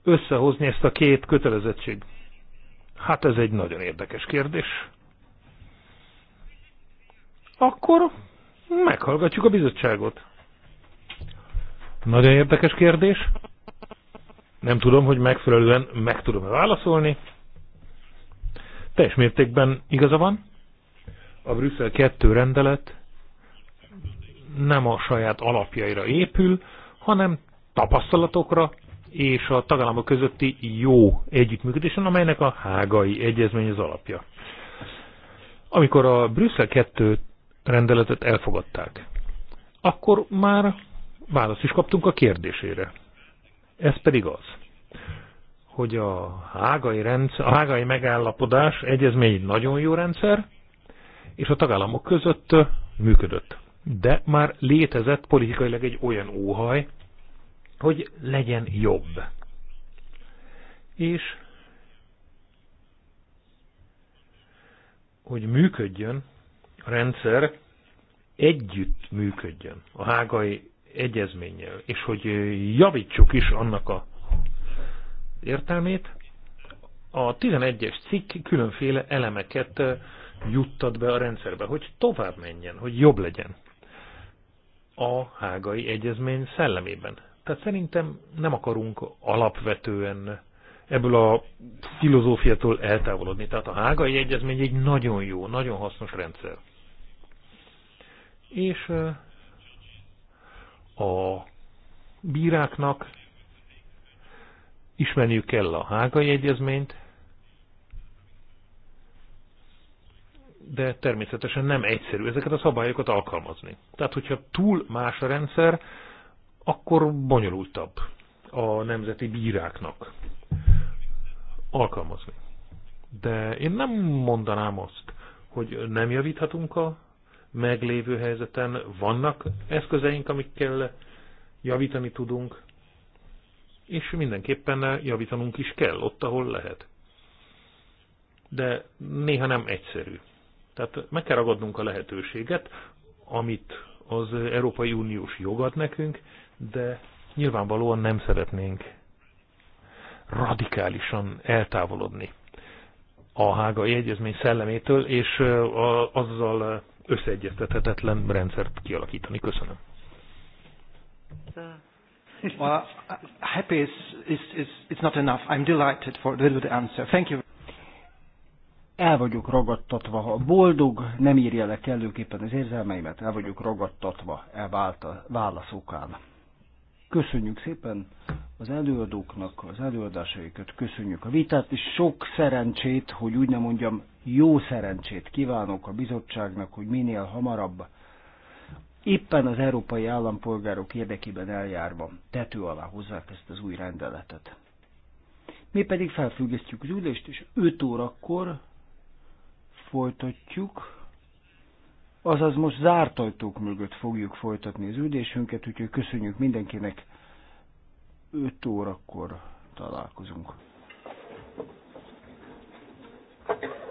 összehozni ezt a két kötelezettség? Hát ez egy nagyon érdekes kérdés. Akkor meghallgatjuk a bizottságot. Nagyon érdekes kérdés. Nem tudom, hogy megfelelően meg tudom-e válaszolni. Teljes mértékben igaza van. A Brüsszel 2 rendelet nem a saját alapjaira épül, hanem tapasztalatokra és a tagállamok közötti jó együttműködésen, amelynek a hágai egyezmény az alapja. Amikor a Brüsszel 2 rendeletet elfogadták, akkor már választ is kaptunk a kérdésére. Ez pedig az, hogy a hágai, rendszer, a hágai megállapodás egyezmény egy nagyon jó rendszer, és a tagállamok között működött. De már létezett politikailag egy olyan óhaj, hogy legyen jobb. És hogy működjön a rendszer, együtt működjön a hágai egyezménnyel, és hogy javítsuk is annak a értelmét, a 11-es cikk különféle elemeket juttat be a rendszerbe, hogy tovább menjen, hogy jobb legyen a hágai egyezmény szellemében. Tehát szerintem nem akarunk alapvetően ebből a filozófiától eltávolodni. Tehát a hágai egyezmény egy nagyon jó, nagyon hasznos rendszer. És a bíráknak ismerniük kell a hágai egyezményt, de természetesen nem egyszerű ezeket a szabályokat alkalmazni. Tehát, hogyha túl más a rendszer, akkor bonyolultabb a nemzeti bíráknak alkalmazni. De én nem mondanám azt, hogy nem javíthatunk a meglévő helyzeten, vannak eszközeink, amikkel javítani tudunk, és mindenképpen javítanunk is kell ott, ahol lehet. De néha nem egyszerű. Tehát meg kell ragadnunk a lehetőséget, amit az Európai Uniós jogad nekünk, de nyilvánvalóan nem szeretnénk radikálisan eltávolodni a hágai egyezmény szellemétől, és azzal összeegyeztethetetlen rendszert kialakítani. Köszönöm well, happy is, is, is, it's not enough. I'm delighted for the, the answer. Thank you. El vagyok ragadtatva. Ha boldog, nem írja le kellőképpen az érzelmeimet, el vagyok ragadtatva e válaszokán. Köszönjük szépen az előadóknak az előadásaikat, köszönjük a vitát, és sok szerencsét, hogy úgy nem mondjam, jó szerencsét kívánok a bizottságnak, hogy minél hamarabb éppen az európai állampolgárok érdekében eljárva tető alá hozzák ezt az új rendeletet. Mi pedig felfüggesztjük az ülést, és 5 órakor folytatjuk, azaz most zárt ajtók mögött fogjuk folytatni az ülésünket, úgyhogy köszönjük mindenkinek, 5 órakor találkozunk. Thank you.